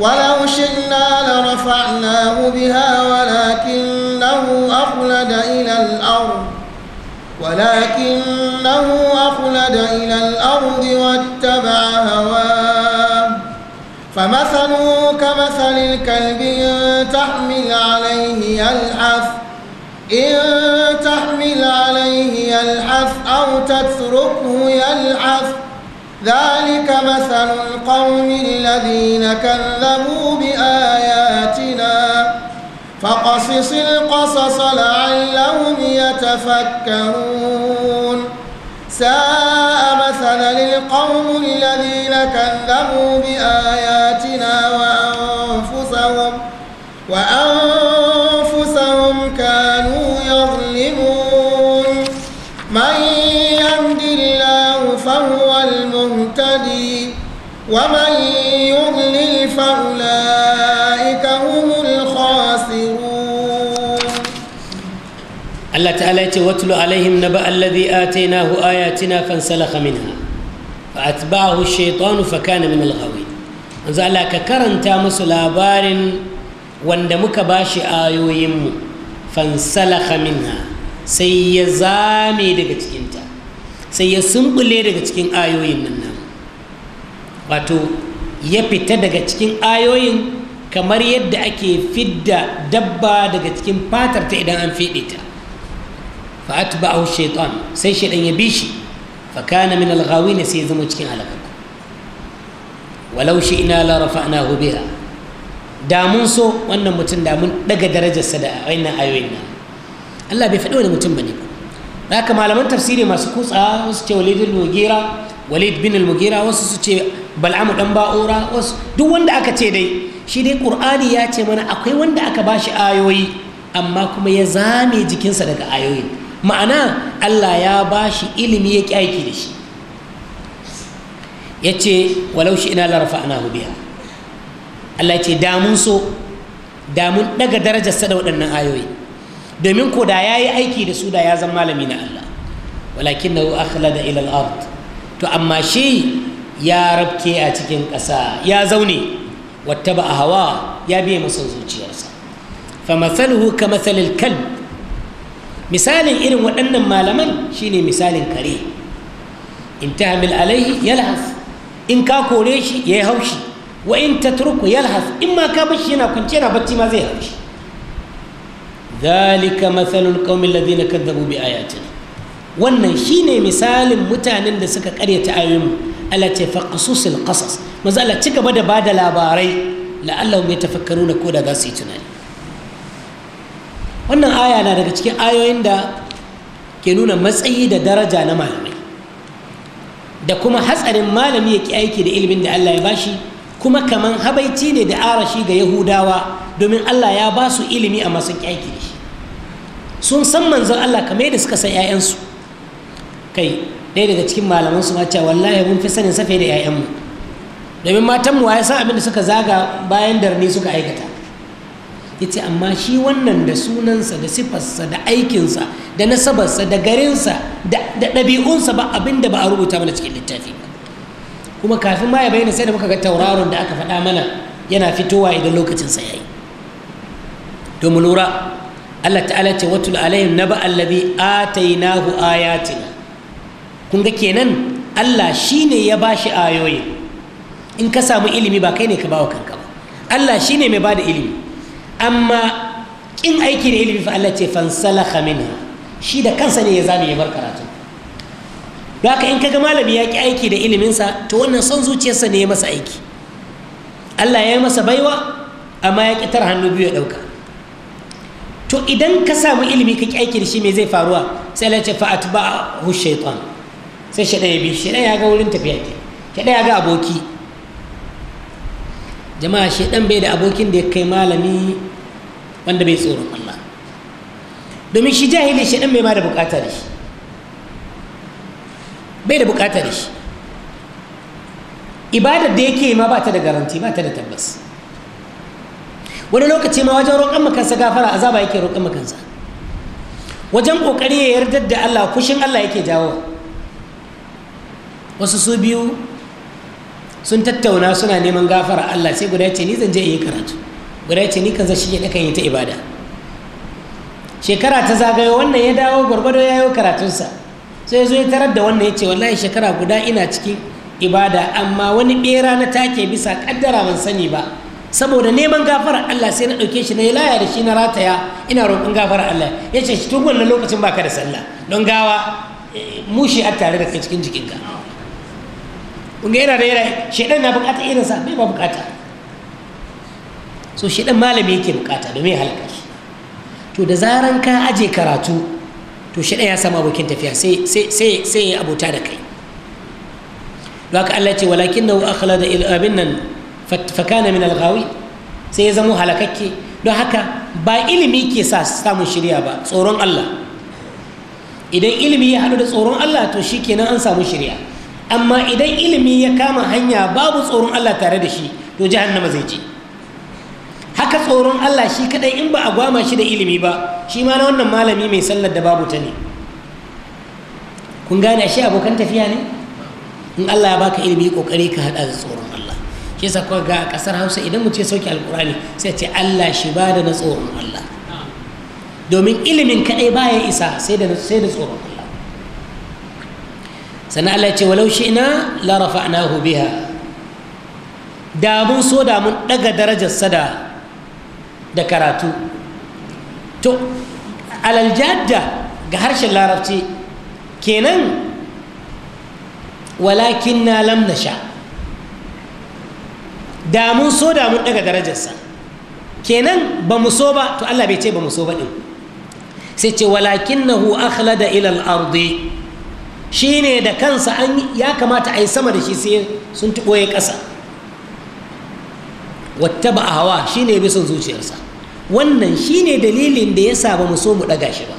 ولو شئنا لرفعناه بها ولكنه أخلد إلى الأرض ولكنه أخلد إلى الأرض واتبع هواه فمثله كمثل الكلب إن تحمل عليه يلحف إن تحمل عليه يلحف أو تتركه يلحف ذلك مثل القوم الذين كذبوا بآياتنا فقصص القصص لعلهم يتفكرون ساء مثلا للقوم الذين كذبوا بآياتنا وأنفسهم وأنفسهم كانوا يظلمون من يهد الله فهو المهتدي ومن يضلل فأولئك ta'ala ce watlu alaihim naba alladhi atainahu ayatina fansalakha minha fa atba'ahu ash-shaytanu fa kana min al-ghawi manzo ka karanta musu labarin wanda muka bashi ayoyinmu fansalakha ha sai ya zame daga cikinta sai ya sumbule daga cikin ayoyin nan nan wato ya fita daga cikin ayoyin kamar yadda ake fidda dabba daga cikin fatarta idan an fiɗe ta fa atba'ahu shaytan sai shaydan ya bi shi fa kana min al-ghawin sai ya zama cikin halakakku walau ina la rafa'nahu biha da mun so wannan mutum da mun daga darajarsa da wannan ayoyin nan Allah bai faɗi wani mutum bane haka malaman tafsiri masu kutsa su ce walid al-mugira walid bin al-mugira wasu su ce bal'amu dan ba'ura wasu duk wanda aka ce dai shi dai qur'ani ya ce mana akwai wanda aka bashi ayoyi amma kuma ya zame jikinsa daga ayoyin ma'ana Allah ya ba shi ilimi ya ƙyaki da shi ya ce walau shi ina larafa ana hubiya Allah ce damun so damun daga darajarsa da waɗannan ayoyi domin ko da ya yi aiki da su da ya zama malami na Allah walakin na'u akhlada da ilal ard to amma shi ya rabke a cikin ƙasa ya zaune wata ba a hawa ya biya masa zuciyarsa fa masaluhu ka masalil kalb misalin irin waɗannan malaman shine misalin kare in tahmil alaihi yalhas in ka kore shi ya yi haushi wa in turku yalhas in ma ka bashi yana kunce yana bacci ma zai haushi zalika mathalul qaumil na kadzabu bi ayatina wannan shine misalin mutanen da suka karyata ayoyinmu ala ce faqsusul ƙasas maza Allah ci gaba da bada labarai la'allahum yatafakkaruna ko da za su yi tunani wannan aya na daga cikin ayoyin da ke nuna matsayi da daraja na malamai da kuma hatsarin malami ya ki aiki da ilimin da Allah ya bashi kuma kaman habaici ne da arashi ga yahudawa domin Allah ya ba su ilimi a masu ki aiki da shi sun san manzon Allah kamar yadda suka san 'ya'yansu kai ɗaya daga cikin malaman su ma cewa wallahi mun fi sanin safe da mu domin matanmu ya san abin da suka zaga bayan darni suka aikata yace amma shi wannan da sunansa da sifarsa da aikinsa da nasabarsa da garinsa da ɗabi'unsa ba abin da ba a rubuta mana cikin littafi ba kuma kafin ma ya bayyana sai da muka ga tauraron da aka faɗa mana yana fitowa idan lokacinsa ya yi domin lura Allah ta'ala ce watul alayhim naba allazi atainahu ayatina kun ga kenan Allah ne ya bashi ayoyi in ka samu ilimi ba kai ne ka bawa kanka ba Allah shine mai bada ilimi amma kin aiki da ilimi fa Allah ce fansalakha minha shi da kansa ne ya zame ya bar karatu haka in kaga malami ya ki aiki da iliminsa to wannan son zuciyarsa ne ya masa aiki Allah ya yi masa baiwa amma ya ki tar hannu biyu ya ɗauka to idan ka samu ilimi ka ki aiki da shi me zai faruwa sai Allah ce fa atba'ahu shaytan sai shaitan ya bi shaitan ya ga wurin tafiya ke shaitan ya ga aboki jama'a shaidan bai da abokin da ya kai malami wanda bai tsoron Allah domin shi jahili shi ɗan bai ma da bukata da shi bai da bukata da shi ibadar da yake ma ba ta da garanti ba ta da tabbas wani lokaci ma wajen roƙon makansa gafara azaba yake roƙon makansa wajen ƙoƙari ya yarda da Allah fushin Allah yake jawo wasu su biyu sun tattauna suna neman gafara Allah sai guda ce ni zan je in yi karatu guda ce ni kan zai shige kan yi ta ibada shekara ta zagayo wannan ya dawo gwargwado ya yi karatunsa sai zo ya tarar da wannan ya ce wallahi shekara guda ina cikin ibada amma wani bera na take bisa kaddara ban sani ba saboda neman gafara Allah sai na dauke shi na yi laya da shi na rataya ina roƙon gafara Allah ya ce shi tun wannan lokacin baka da sallah don gawa mushi a tare da kai cikin jikinka kun yana da yana shaidan na bukata irinsa bai ba bukata so shi dan malami yake bukata domin halaka shi to da zaran ka aje karatu to shi ya samu abokin tafiya sai sai sai ya abota da kai haka Allah ce walakin akhlada ila abin nan fakana min alghawi sai ya zamo halakakke don haka ba ilimi ke sa samun shirya ba tsoron Allah idan ilimi ya haɗu da tsoron Allah to shikenan an samu shirya amma idan ilimi ya kama hanya babu tsoron Allah tare da shi to jahannama zai je haka tsoron Allah shi kadai in ba a gwama shi da ilimi ba shi ma na wannan malami mai sallar da babu ta ne kun gane ashe abokan tafiya ne in Allah ya baka ilimi kokari ka hada da tsoron Allah shi yasa ga kasar Hausa idan mu ce sauki alkurani sai ce Allah shi ba da na tsoron Allah domin ilimin kadai baya isa sai da sai da tsoron Allah sannan Allah ya ce walau shi'na la rafa'nahu biha da mun so da mun daga darajar sada da karatu to alaljadda ga harshen larabci kenan walakin na lamna sha damun so damun daga darajarsa kenan ba mu so ba to Allah bai ce ba mu so ba ɗin sai ce walakin na hu da ilal ardi shi ne da kansa ya kamata a yi sama da shi sai sun tuɓo ya ƙasa wata ba a hawa shi ne bisan zuciyarsa wannan shine dalilin da ya sa ba mu so mu ɗaga shi ba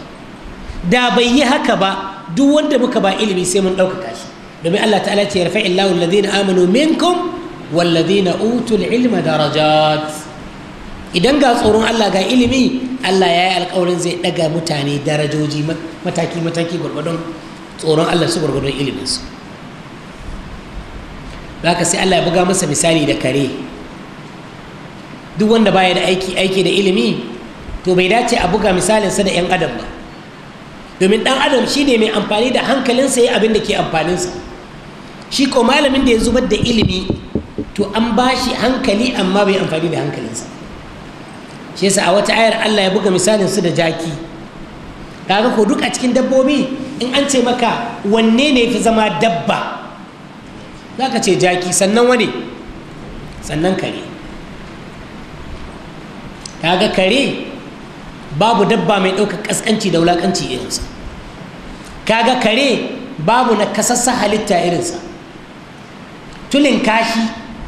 da bai yi haka ba duk wanda muka ba ilimi sai mun ɗaukaka shi domin Allah ta'ala ce yarfa illahu alladhina amanu minkum walladhina utul ilma darajat idan ga tsoron Allah ga ilimi Allah ya yi alƙawarin zai ɗaga mutane darajoji mataki mataki gwargwadon tsoron Allah su gwargwadon iliminsu haka sai Allah ya buga masa misali da kare duk wanda baya da aiki aiki da ilimi to bai dace a buga misalinsa da 'yan adam ba domin dan adam shi ne mai amfani da hankalinsa ya abin da ke amfaninsa shi ko malamin da ya zubar da ilimi to an ba shi hankali amma bai amfani da hankalinsa shi yasa a wata ayar allah ya buga misalinsu da jaki kaga ko duk a cikin dabbobi in an ce maka wanne ne fi zama dabba za ka ce jaki sannan wane sannan kare kaga kare babu dabba mai ɗaukar ƙasƙanci da wulaƙanci irinsa kaga kare babu na kasassa halitta irinsa tulin kashi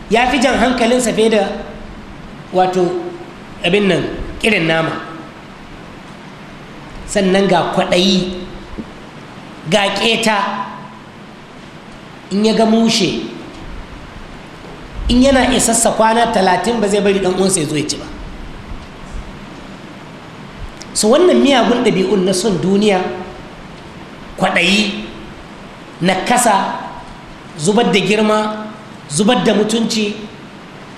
ya fi jan hankalinsa fiye da wato abin nan ƙirin nama sannan ga kwaɗayi ga ƙeta in ya ga mushe in yana isassa kwana talatin ba zai bari ɗan'uwansa uwansa ya zo ya ci ba So wannan miyagun ɗabi'un na son duniya kwaɗayi na kasa zubar da girma zubar da mutunci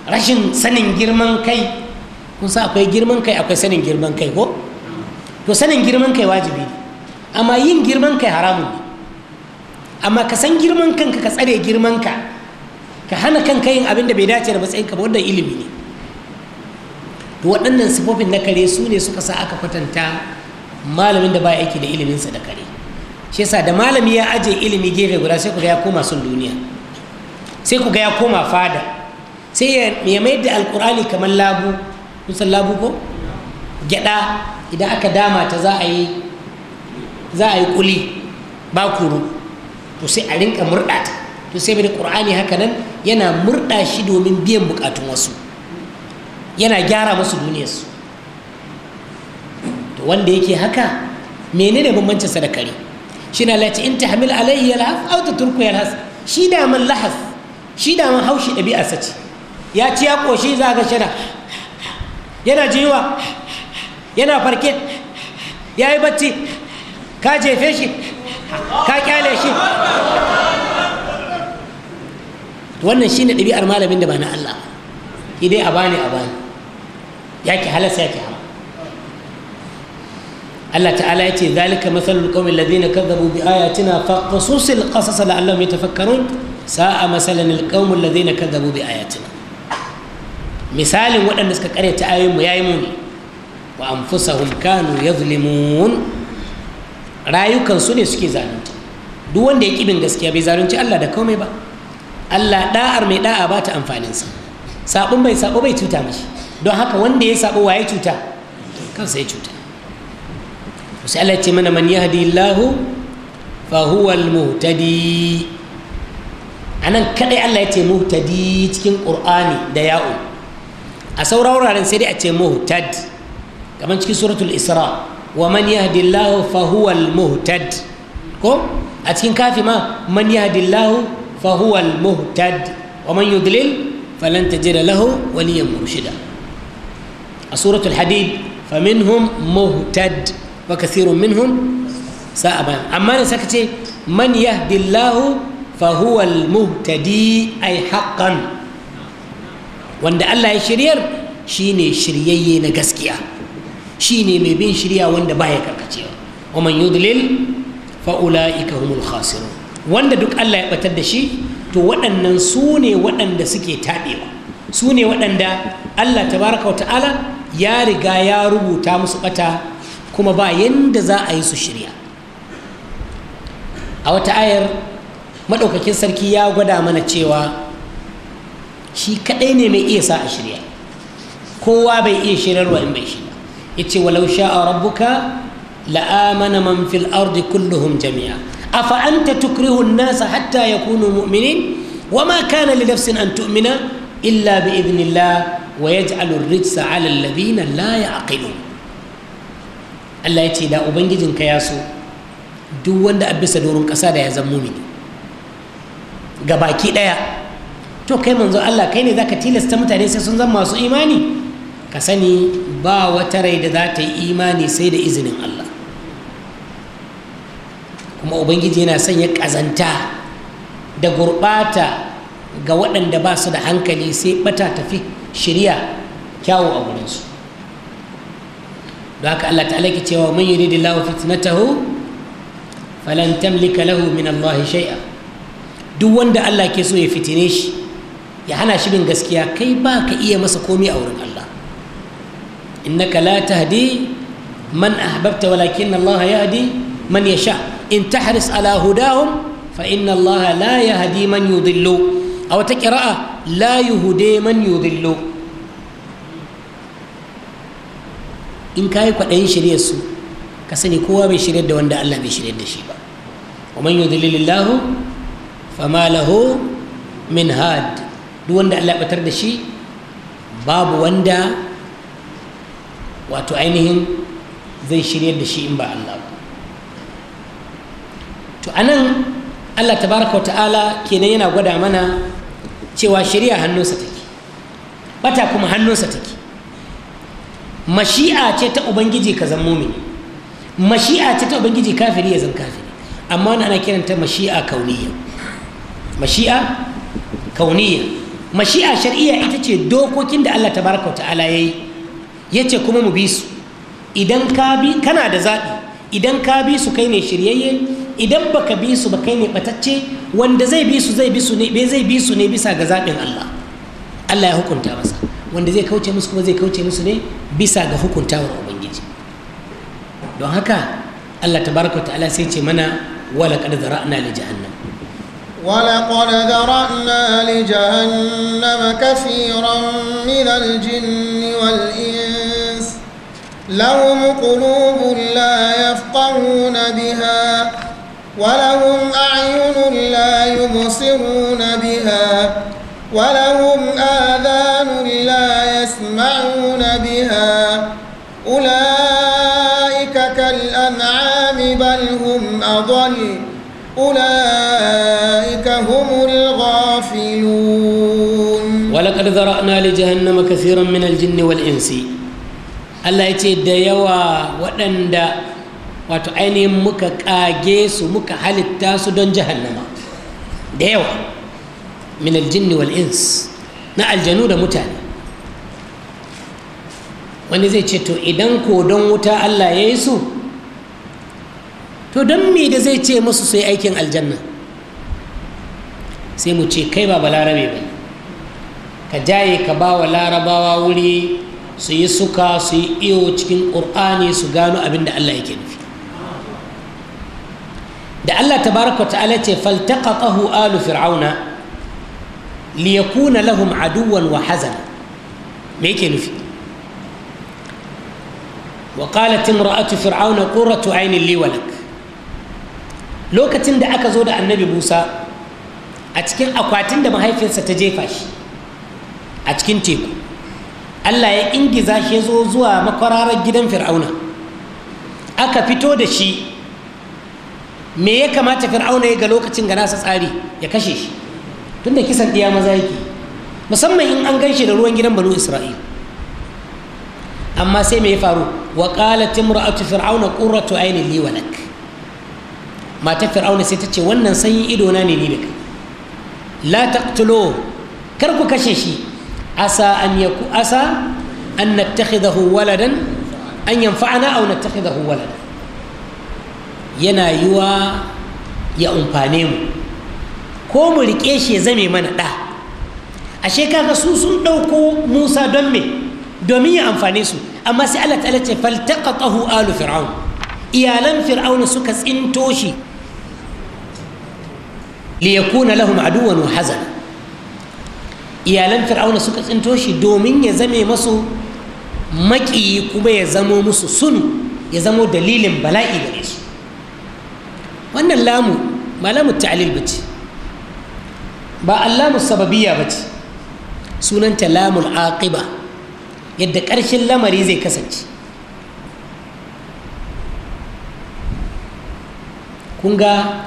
rashin sanin girman kai kun sa akwai girman kai akwai sanin girman kai ko to sanin girman kai wajibi ne amma yin girman kai haramun ne amma ka san girman kanka ka tsare girman ka ka hana kanka yin abin da bai dace da matsayinka ba wannan ilimi ne to waɗannan sifofin na kare su ne suka sa aka kwatanta malamin da ba aiki da iliminsa da kare shi yasa da malami ya aje ilimi gefe guda sai ku ga ya koma sun duniya sai ku ga ya koma fada sai ya mai da alkur'ani kamar labu kusan labu ko gyada idan aka dama ta za a yi za a yi kuli ba kuru to sai a rinka murɗa ta to sai mai da ƙur'ani haka nan yana murɗa shi domin biyan buƙatun wasu yana gyara musu duniyarsu to wanda yake haka menene bambancin sa da kare shi na lati in tahmil alaihi yalhas aw tatruku yalhas shi da man lahas shi da man haushi dabi'a sace ya ci ya koshi za ga shana yana jiwa yana farke yayi bacci ka jefe shi ka kyale shi wannan shine ɗabi'ar malamin da ba na Allah idai a bani a bani Ya yake ya yake hama Allah ta'ala ya ce zalika mathalul qaumil ladina kadzabu bi ayatina faqasusil qasasa la'allahum yatafakkarun sa'a masalan alqaumul ladina kadzabu bi ayatina misalin waɗanda suka karyata ayoyin mu yayi muni wa anfusahum kanu yazlimun rayukan su ne suke zalunta duk wanda ya kibin gaskiya bai zalunci Allah da komai ba Allah da'ar mai da'a ba ta amfaninsa sabon bai sabo bai cuta mishi don haka wanda ya saba waye cuta kansa ya cuta sai Allah ce mana man yahdi Allahu fa huwa al-muhtadi anan kadai Allah ya ce muhtadi cikin Qur'ani da ya'u a sauran wuraren sai dai a ce muhtad kamar cikin suratul Isra wa man yahdi Allahu fa huwa al-muhtad ko a cikin kafi ma man yahdi Allahu fa huwa al-muhtad wa man yudlil falan tajida lahu waliyan murshida a suratul hadid faminhum man yahdillahu fa muhtadi ay Allah ya shiryar shine shiryayye na gaskiya shine mai bin shirya wanda baya karkacewa wa man wanda duk Allah ya batar da shi to waɗannan waɗanda suke waɗanda Allah tabaraka ya riga ya rubuta musu bata kuma ba yadda za a yi su shirya a wata ayar maɗaukakin sarki ya gwada mana cewa shi kaɗai ne mai iya sa a shirya kowa bai iya shirarwa in bai shi ya ce walau sha'a rabbuka la'amana man fil ardi kulluhum jami'a afa anta tukrihu nasa hatta ya yakunu mu'minin ma kana li nafsin an tu'mina illa bi idnillah wa yaj'alu ar-rijsa a alladhina la ya'qilun Allah ya ce Ubangijin ka ya so duk wanda a bisa doron ƙasa da ya zama mumini ga baki ɗaya to kai manzo Allah kai ne zaka tilasta mutane sai sun zama masu imani ka sani ba wata rai da za ta yi imani sai da izinin Allah kuma ubangiji yana ya ƙazanta da gurɓata ga waɗanda ba su da hankali sai ɓata tafi shirya kyawu a gurinsu don haka Allah ta'ala ke cewa man yuridillahu fitnatahu falan tamlika lahu min Allah shay'a duk wanda Allah ke so ya fitine shi ya hana shi bin gaskiya kai ba ka iya masa komi a wurin Allah innaka la tahdi man ahbabta walakin Allah yahdi man yasha in tahris ala hudahum fa inna Allah la yahdi man yudillu a wata qira'a la yuhude man yudillu in ka yi kwaɗayin shiryar su ka kowa bai shiryar da wanda Allah bai shiryar da shi ba wa man yudillillahu fama lahu min had wanda Allah batar da shi babu wanda wato ainihin zai shirya da shi in ba Allah ba to anan Allah tabaraka wa ta'ala kenan yana gwada mana cewa shari'a hannunsa take bata kuma hannunsa take mashi'a ce ta ubangiji ka zan mumini mashi'a ce ta ubangiji kafiri ya zan kafiri amma wani ana kiranta mashi'a kauniya mashi'a kauniya mashi'a shari'a ita ce dokokin da Allah tabaraka ta'ala ya ce kuma mu bi su idan ka bi kana da zaɓi idan ka bi su kai ne shiryayye idan baka bi su ba kai ne batacce wanda zai bi su zai bi su ne zai bi su ne bisa ga zaɓin Allah Allah ya hukunta masa wanda zai kauce musu kuma zai kauce musu ne bisa ga hukuntawar ubangiji don haka Allah tabaraka ta'ala sai ce mana wala qad zara'na li jahannam ولقد ذرأنا لجهنم كثيرا من الجن والإنس لهم قلوب لا يفقهون بها ولهم أعين لا يبصرون بها ولهم آذان لا يسمعون بها أولئك كالأنعام بل هم أضل أولئك هم الغافلون ولقد ذرأنا لجهنم كثيرا من الجن والإنس الله يتي da yawa wato ainihin muka kage su muka halitta su don jahannama da yawa min aljinni wal ins na aljanu da mutane wani zai ce to idan ko don wuta Allah ya yi su to don me da zai ce musu su yi aikin aljanna sai mu ce kai ba balarabe ba ka jaye ka ba wa larabawa wuri su yi suka su yi iyo cikin ƙur'ani su gano abin da Allah yake nufi da Allah tabaraka ta'ala ce faltaqatahu alu fir'auna liyakuna lahum aduwan wa hazan me yake nufi wa qalat imra'atu fir'auna qurratu aynin li walak lokacin da aka zo da annabi Musa a cikin akwatin da mahaifinsa ta jefa shi a cikin teku Allah ya ingiza shi zo zuwa makwararar gidan fir'auna aka fito da shi me ya kamata fir'auna ya ga lokacin ga nasa tsari ya kashe shi tunda kisan ɗiya maza yake musamman in an gan shi da ruwan gidan banu isra'il amma sai me ya faru wa qalat imra'atu fir'auna qurratu aynin li wa lak matar fir'auna sai ta ce wannan sanyin ido na ne ni da kai la taqtulo kar ku kashe shi asa an yaku asa an nattakhidahu waladan an yanfa'ana aw nattakhidahu waladan yana yiwa ya umfane mu ko mu riƙe shi ya zame mana ɗa ashe kaga su sun ɗauko musa don me domin ya amfane su amma sai allah ta'ala ce faltaqatahu alu fir'aun iyalan fir'auna suka tsinto shi liyakuna lahum aduwan wa hazana iyalan fir'auna suka tsinto shi domin ya zame masu maƙiyi kuma ya zamo musu sunu ya zamo dalilin bala'i gare su wannan lamu ba lamu ta'lil ce ba allamu ba ce sunanta lamul aqiba yadda ƙarshen lamari zai kasance kun ga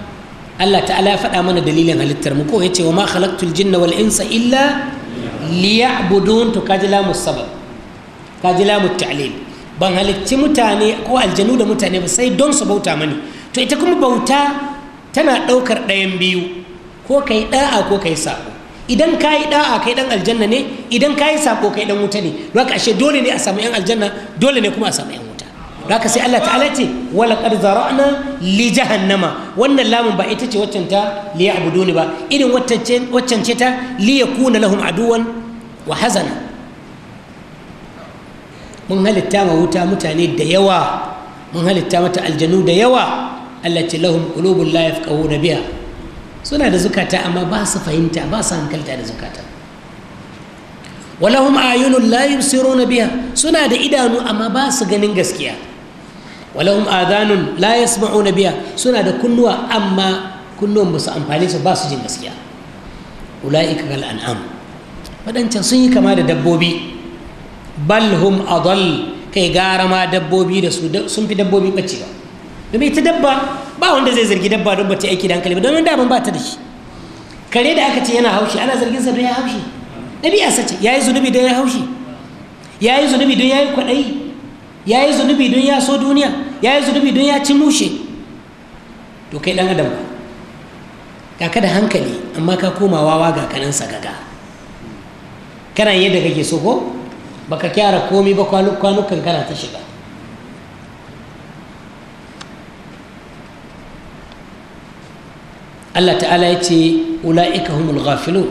Allah ta'ala ya faɗa mana dalilin halittar mu ko ya ce wa ma khalaqtul jinna wal insa illa liya'budun to kaji lamu sabab kaji lamu ta'lil ban halicci mutane ko aljanu da mutane ba sai don su bauta mani to ita kuma bauta tana ɗaukar ɗayan biyu ko ka yi ɗa'a ko ka yi saƙo idan ka yi ɗa'a kai ɗan aljanna ne idan ka yi saƙo yi ɗan wuta ne don haka ashe dole ne a samu 'yan aljanna dole ne kuma a samu 'yan wuta don haka sai Allah ta'ala ce wala qad zara'na li jahannama wannan lamun ba ita ce waccan ta li ya'buduni ba irin waccan ce ta li yakuna lahum aduwan wa hazana mun halitta ma wuta mutane da yawa mun halitta mata aljanu da yawa Allah lahum qulubun la yafqahuna biha suna da zukata amma ba su fahimta ba su hankalta da zukata walahum ayunun la yubsiruna biha suna da idanu amma ba su ganin gaskiya walahum adanun la yasma'una biha suna da kunnuwa amma kunnuwan ba su amfani su ba su jin gaskiya ula'ika kal an'am waɗancan sun yi kama da dabbobi bal hum adall kai gara ma dabbobi da su sun fi dabbobi ba domin ita dabba ba wanda zai zargi dabba don bata aiki da hankali ba domin daman ba ta da shi kare da aka ce yana haushi ana zargin sa don ya haushi ɗabi'a sace ya yi zunubi don ya haushi ya yi zunubi don ya yi kwaɗayi ya yi zunubi don ya so duniya ya yi zunubi don ya ci mushe to kai ɗan adam ka da hankali amma ka koma wawa ga kanan kaka kana yadda kake so ko baka kyara komai ba kwanukan kana ta shiga Allah ta'ala ya ce ula'ika humul ghafilun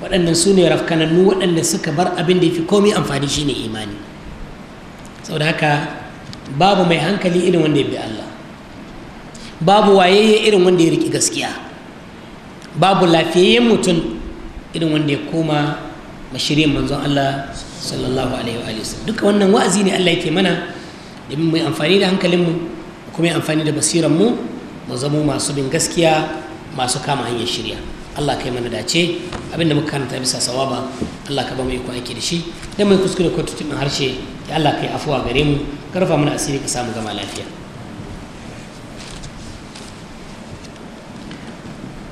waɗannan su ne rafkanannu waɗanda suka bar abin da ya fi komai amfani shine imani saboda haka babu mai hankali irin wanda ya bi Allah babu wayayye irin wanda ya riƙi gaskiya babu lafiyayyen mutum irin wanda ya koma mashirin manzon Allah sallallahu alaihi wa sallam duka wannan wa'azi ne Allah yake mana domin mu amfani da hankalinmu kuma amfani da basiranmu mu zamo masu bin gaskiya masu kama hanyar shirya Allah kai mana dace abinda muka karanta bisa sawaba Allah ka ba mu iko aiki da shi dan mai kuskure ko tutun harshe ya Allah kai afuwa gare mu karfa mana asiri ka samu gama lafiya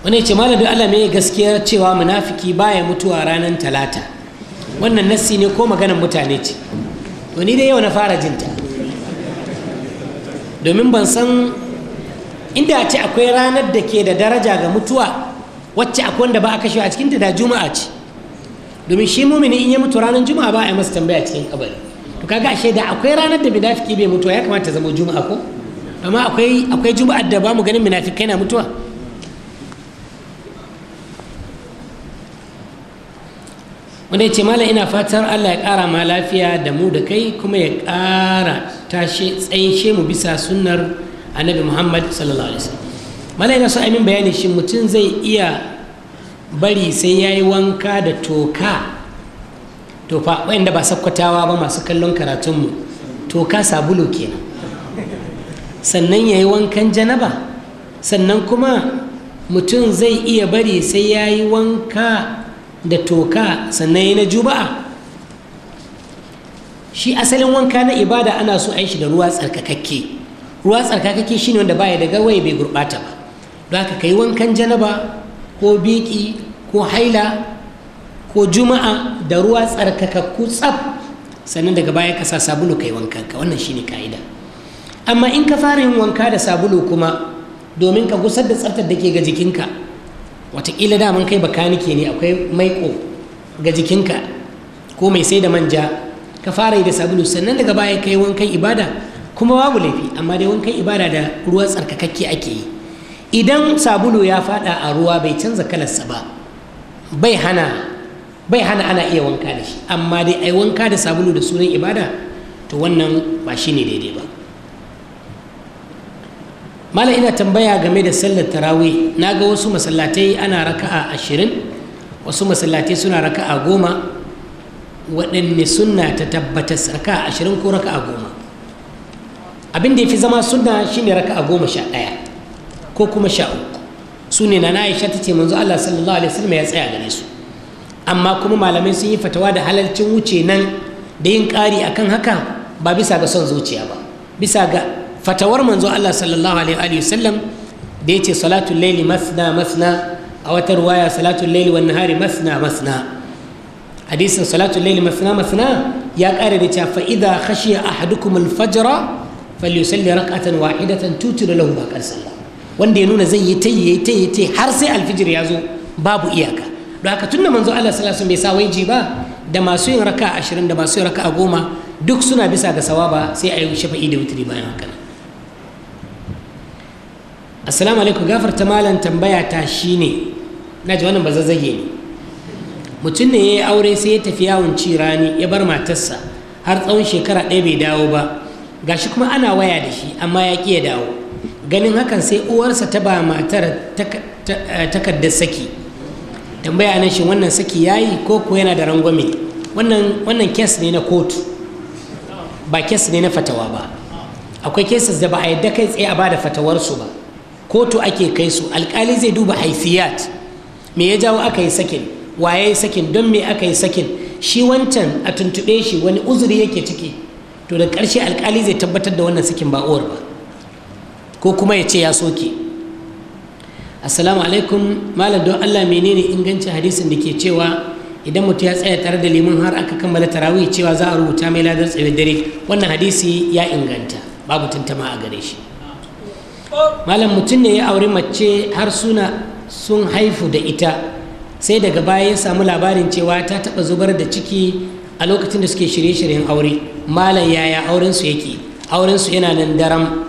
wani ce malamin Allah mai gaskiyar cewa munafiki baya mutuwa ranar talata wannan nassi ne ko maganar mutane ce to ni dai yau na fara jinta domin ban san inda a ce akwai ranar da ke da daraja ga mutuwa wacce akwai wanda ba a kashewa a cikin da juma'a ce domin shi mumini in ya mutu ranar juma'a ba a yi masa tambaya cikin kabari to kaga ashe da akwai ranar da munafiki bai mutuwa ya kamata zama juma'a ko amma akwai akwai juma'ar da ba mu ganin munafikai na mutuwa wanda ya ce mala ina fatar allah ya kara ma lafiya da mu da kai kuma ya kara tashe tsayin shemu bisa sunnar annabi muhammad sallallahu alaihi wasallam malai na so amin bayani shi mutum zai iya bari sai ya yi wanka da toka tofa wanda ba sakkwatawa ba masu kallon karatunmu toka sabulu kenan sannan ya yi wankan janaba sannan kuma mutum zai iya bari sai ya yi wanka da toka sannan ya na juba'a shi asalin wanka na ibada ana so a yi shi da ruwa tsarkakakke ruwa tsarkakake ne wanda baya da gawayi bai gurɓata ba don haka kai wankan janaba ko biki ko haila ko juma'a da ruwa tsarkakakku tsaf sannan daga baya ka sa sabulu kai wankan ka wannan shine ka'ida amma in ka fara yin wanka da sabulu kuma domin ka gusar da tsaftar da ke ga jikinka watakila daman kai bakanike ne akwai maiƙo ga jikinka ko mai sai da manja ka fara yi da sabulu sannan daga baya kai wankan ibada kuma babu laifi amma dai wankan ibada da ruwan tsarkakakke ake yi idan sabulu ya fada a ruwa bai canza kalarsa ba bai hana bai hana ana iya wanka da shi amma dai ai wanka da sabulu da sunan ibada to wannan ba shi ne daidai ba mala ina tambaya game da sallar tarawih na ga wasu masallatai ana raka'a ashirin wasu masallatai suna raka'a goma waɗanne sunna ta tabbatar raka'a ashirin ko raka'a goma abin da ya fi zama sunna shine a goma sha ɗaya ko kuma sha uku su ne na aisha ta ce manzo Allah sallallahu alaihi wasallam ya tsaya gare su amma kuma malamai sun yi fatawa da halalcin wuce nan da yin ƙari akan haka ba bisa ga son zuciya ba bisa ga fatawar manzo Allah sallallahu alaihi wasallam da ya ce salatul laili masna masna a wata ruwaya salatul laili wa nahari masna masna hadisin salatul laili masna masna ya ƙare da cewa fa idza khashiya ahadukum al-fajra falyusalli rak'atan wahidatan tutiru lahu ba kan sallah wanda ya nuna zai yi ta yi ta yi har sai alfijir ya zo babu iyaka don haka tunda manzo Allah sallallahu alaihi wasallam bai sa waji ba da masu yin raka'a 20 da masu yin raka'a 10 duk suna bisa ga sawaba sai a yi shafa'i da witri bayan haka assalamu alaikum Gafar ta malam tambaya ta shine na ji wannan ba zazzage ne mutum ne ya yi aure sai ya tafi yawon ci rani ya bar matarsa har tsawon shekara ɗaya bai dawo ba gashi kuma ana waya da shi amma ya ƙi ya dawo ganin hakan sai uwarsa ta ba matar eh, takardar saki tambaya nan shi wannan saki ya yi ko kuwa yana da rangwame wannan kes ne na kotu ba kes ne na fatawa ba akwai cases da ba a yadda kai tsaye a ba da fatawarsu ba kotu ake kai su alkali zai duba haifiyat me ya jawo aka yi sakin wa waye sakin don me aka yi sakin shi wancan a tuntuɓe shi wani uzuri yake ciki to da ƙarshe alƙali zai tabbatar da wannan sikin ba'uwar ba ko kuma ya ce ya soke assalamu alaikum malam don allah menene ingancin hadisin da ke cewa idan mutu ya tsaya tare da liman har aka kammala tarawih cewa za a rubuta mai ladar tsawon dare wannan hadisi ya inganta babu tantama a gare shi malam mutum ne ya auri mace har suna sun haifu da ita sai daga baya ya samu labarin cewa ta taɓa zubar da ciki a lokacin da suke shirye-shiryen aure malam yaya su yake su yana nan daram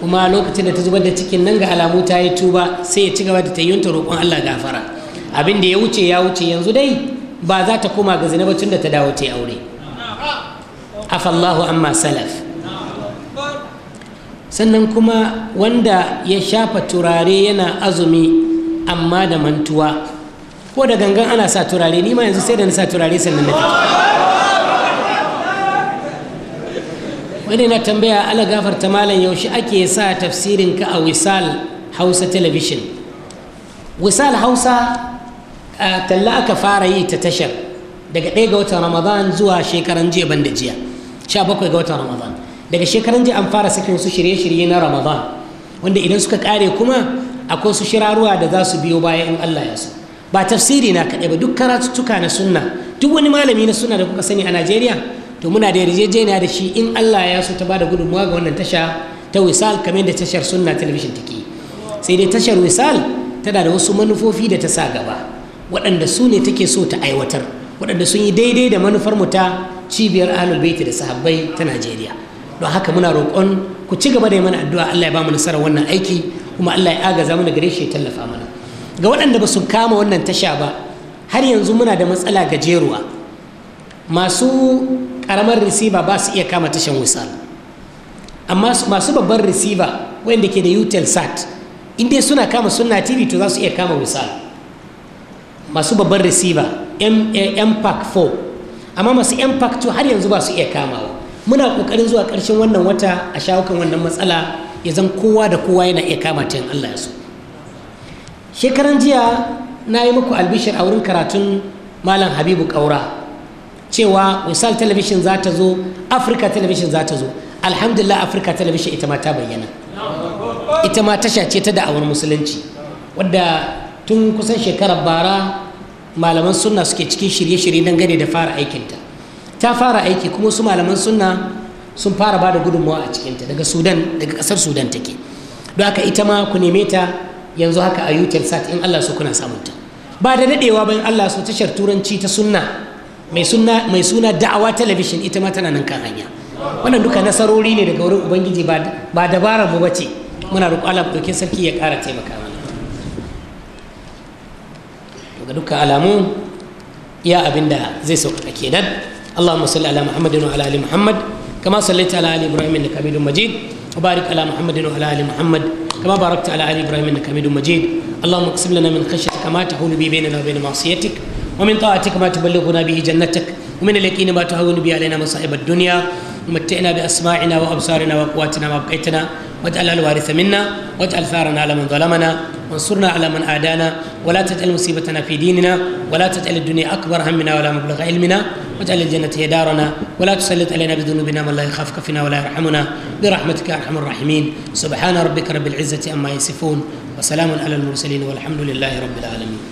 kuma lokacin da ta zubar da cikin nan ga alamu ta yi tuba sai ya ci gaba da ta yunta roƙon Allah gafara abin da ya wuce ya wuce yanzu dai ba za ta koma ga zina tun da ta dawo ta aure afallahu amma salaf sannan kuma wanda ya shafa turare yana azumi amma da mantuwa ko da gangan ana sa turare ni ma yanzu sai da na sa turare sannan na fito wani na tambaya ala ta malam yaushe ake sa tafsirin ka a wisal hausa television wisal hausa a talla aka fara yi ta tashar daga ɗaya ga watan ramadan zuwa shekaran jiya ban jiya sha ga watan ramadan daga shekaran jiya an fara sakin su shirye-shirye na ramadan wanda idan suka kare kuma akwai su shiraruwa da za su biyo baya in allah ya so ba tafsiri na kaɗai ba duk karatuttuka na sunna duk wani malami na sunna da kuka sani a najeriya to muna da yarjejeniya da shi in allah ya so ta ba da gudunmuwa ga wannan tasha ta wisal kamar da tashar sunna talabishin take sai dai tashar wisal tana da wasu manufofi da ta sa gaba waɗanda su ne take so ta aiwatar waɗanda sun yi daidai da manufar mu ta cibiyar ahlul baiti da sahabbai ta najeriya don haka muna roƙon ku ci gaba da yi mana addu'a allah ya ba mu nasarar wannan aiki kuma allah ya agaza mana gare shi ya tallafa mana ga waɗanda ba su kama wannan tasha ba har yanzu muna da matsala gajeruwa masu ƙaramar risiba ba su iya kama tashan wisal amma masu babban risiba wanda ke da utel sat inda suna kama sunna tv to za su iya kama wisal masu babban risiba mpac 4 amma masu mpac 2 har yanzu ba su iya kamawa muna ƙoƙarin zuwa ƙarshen wannan wata a shawo kan wannan matsala ya zan kowa da kowa yana iya kama ta Allah ya so shekaran jiya na yi muku albishir a wurin karatun malam habibu kaura cewa wisal television za ta zo afirka television za ta zo alhamdulillah afirka television ita ma ta bayyana ita ma tasha ce ta da'awar musulunci wadda tun kusan shekarar bara malaman sunna suke cikin shirye-shirye dangane da fara aikinta ta fara aiki kuma su malaman sunna sun fara ba da gudunmawa a cikinta daga sudan daga kasar sudan take don haka ita ma ku neme ta yanzu haka a youtube sat in allah su kuna samun ta ba da dadewa bayan allah su tashar turanci ta sunna mai suna mai suna da'awa television ita ma tana nan kan hanya wannan duka nasarori ne daga wurin ubangiji ba dabarar mu bace muna roƙo allah dokin sarki ya ƙara taimaka mana daga dukkan alamu ya abinda zai sauƙaƙa kenan ala صل على محمد وعلى ال محمد كما صليت على ال ابراهيم انك حميد مجيد وبارك على محمد وعلى آل محمد كما باركت على آل إبراهيم إنك حميد مجيد اللهم اقسم لنا من خشيتك ما تحول به بي بيننا وبين معصيتك ومن طاعتك ما تبلغنا به جنتك ومن اليقين ما تهون به علينا مصائب الدنيا ومتعنا بأسماعنا وأبصارنا وقواتنا ما بقيتنا واجعل الوارث منا واجعل ثارنا على من ظلمنا وانصرنا على من عادانا ولا تجعل مصيبتنا في ديننا ولا تجعل الدنيا أكبر همنا ولا مبلغ علمنا واجعل الجنة هي دارنا ولا تسلط علينا بذنوبنا من لا يخافك فينا ولا يرحمنا برحمتك أرحم الراحمين سبحان ربك رب العزة أما يصفون وسلام على المرسلين والحمد لله رب العالمين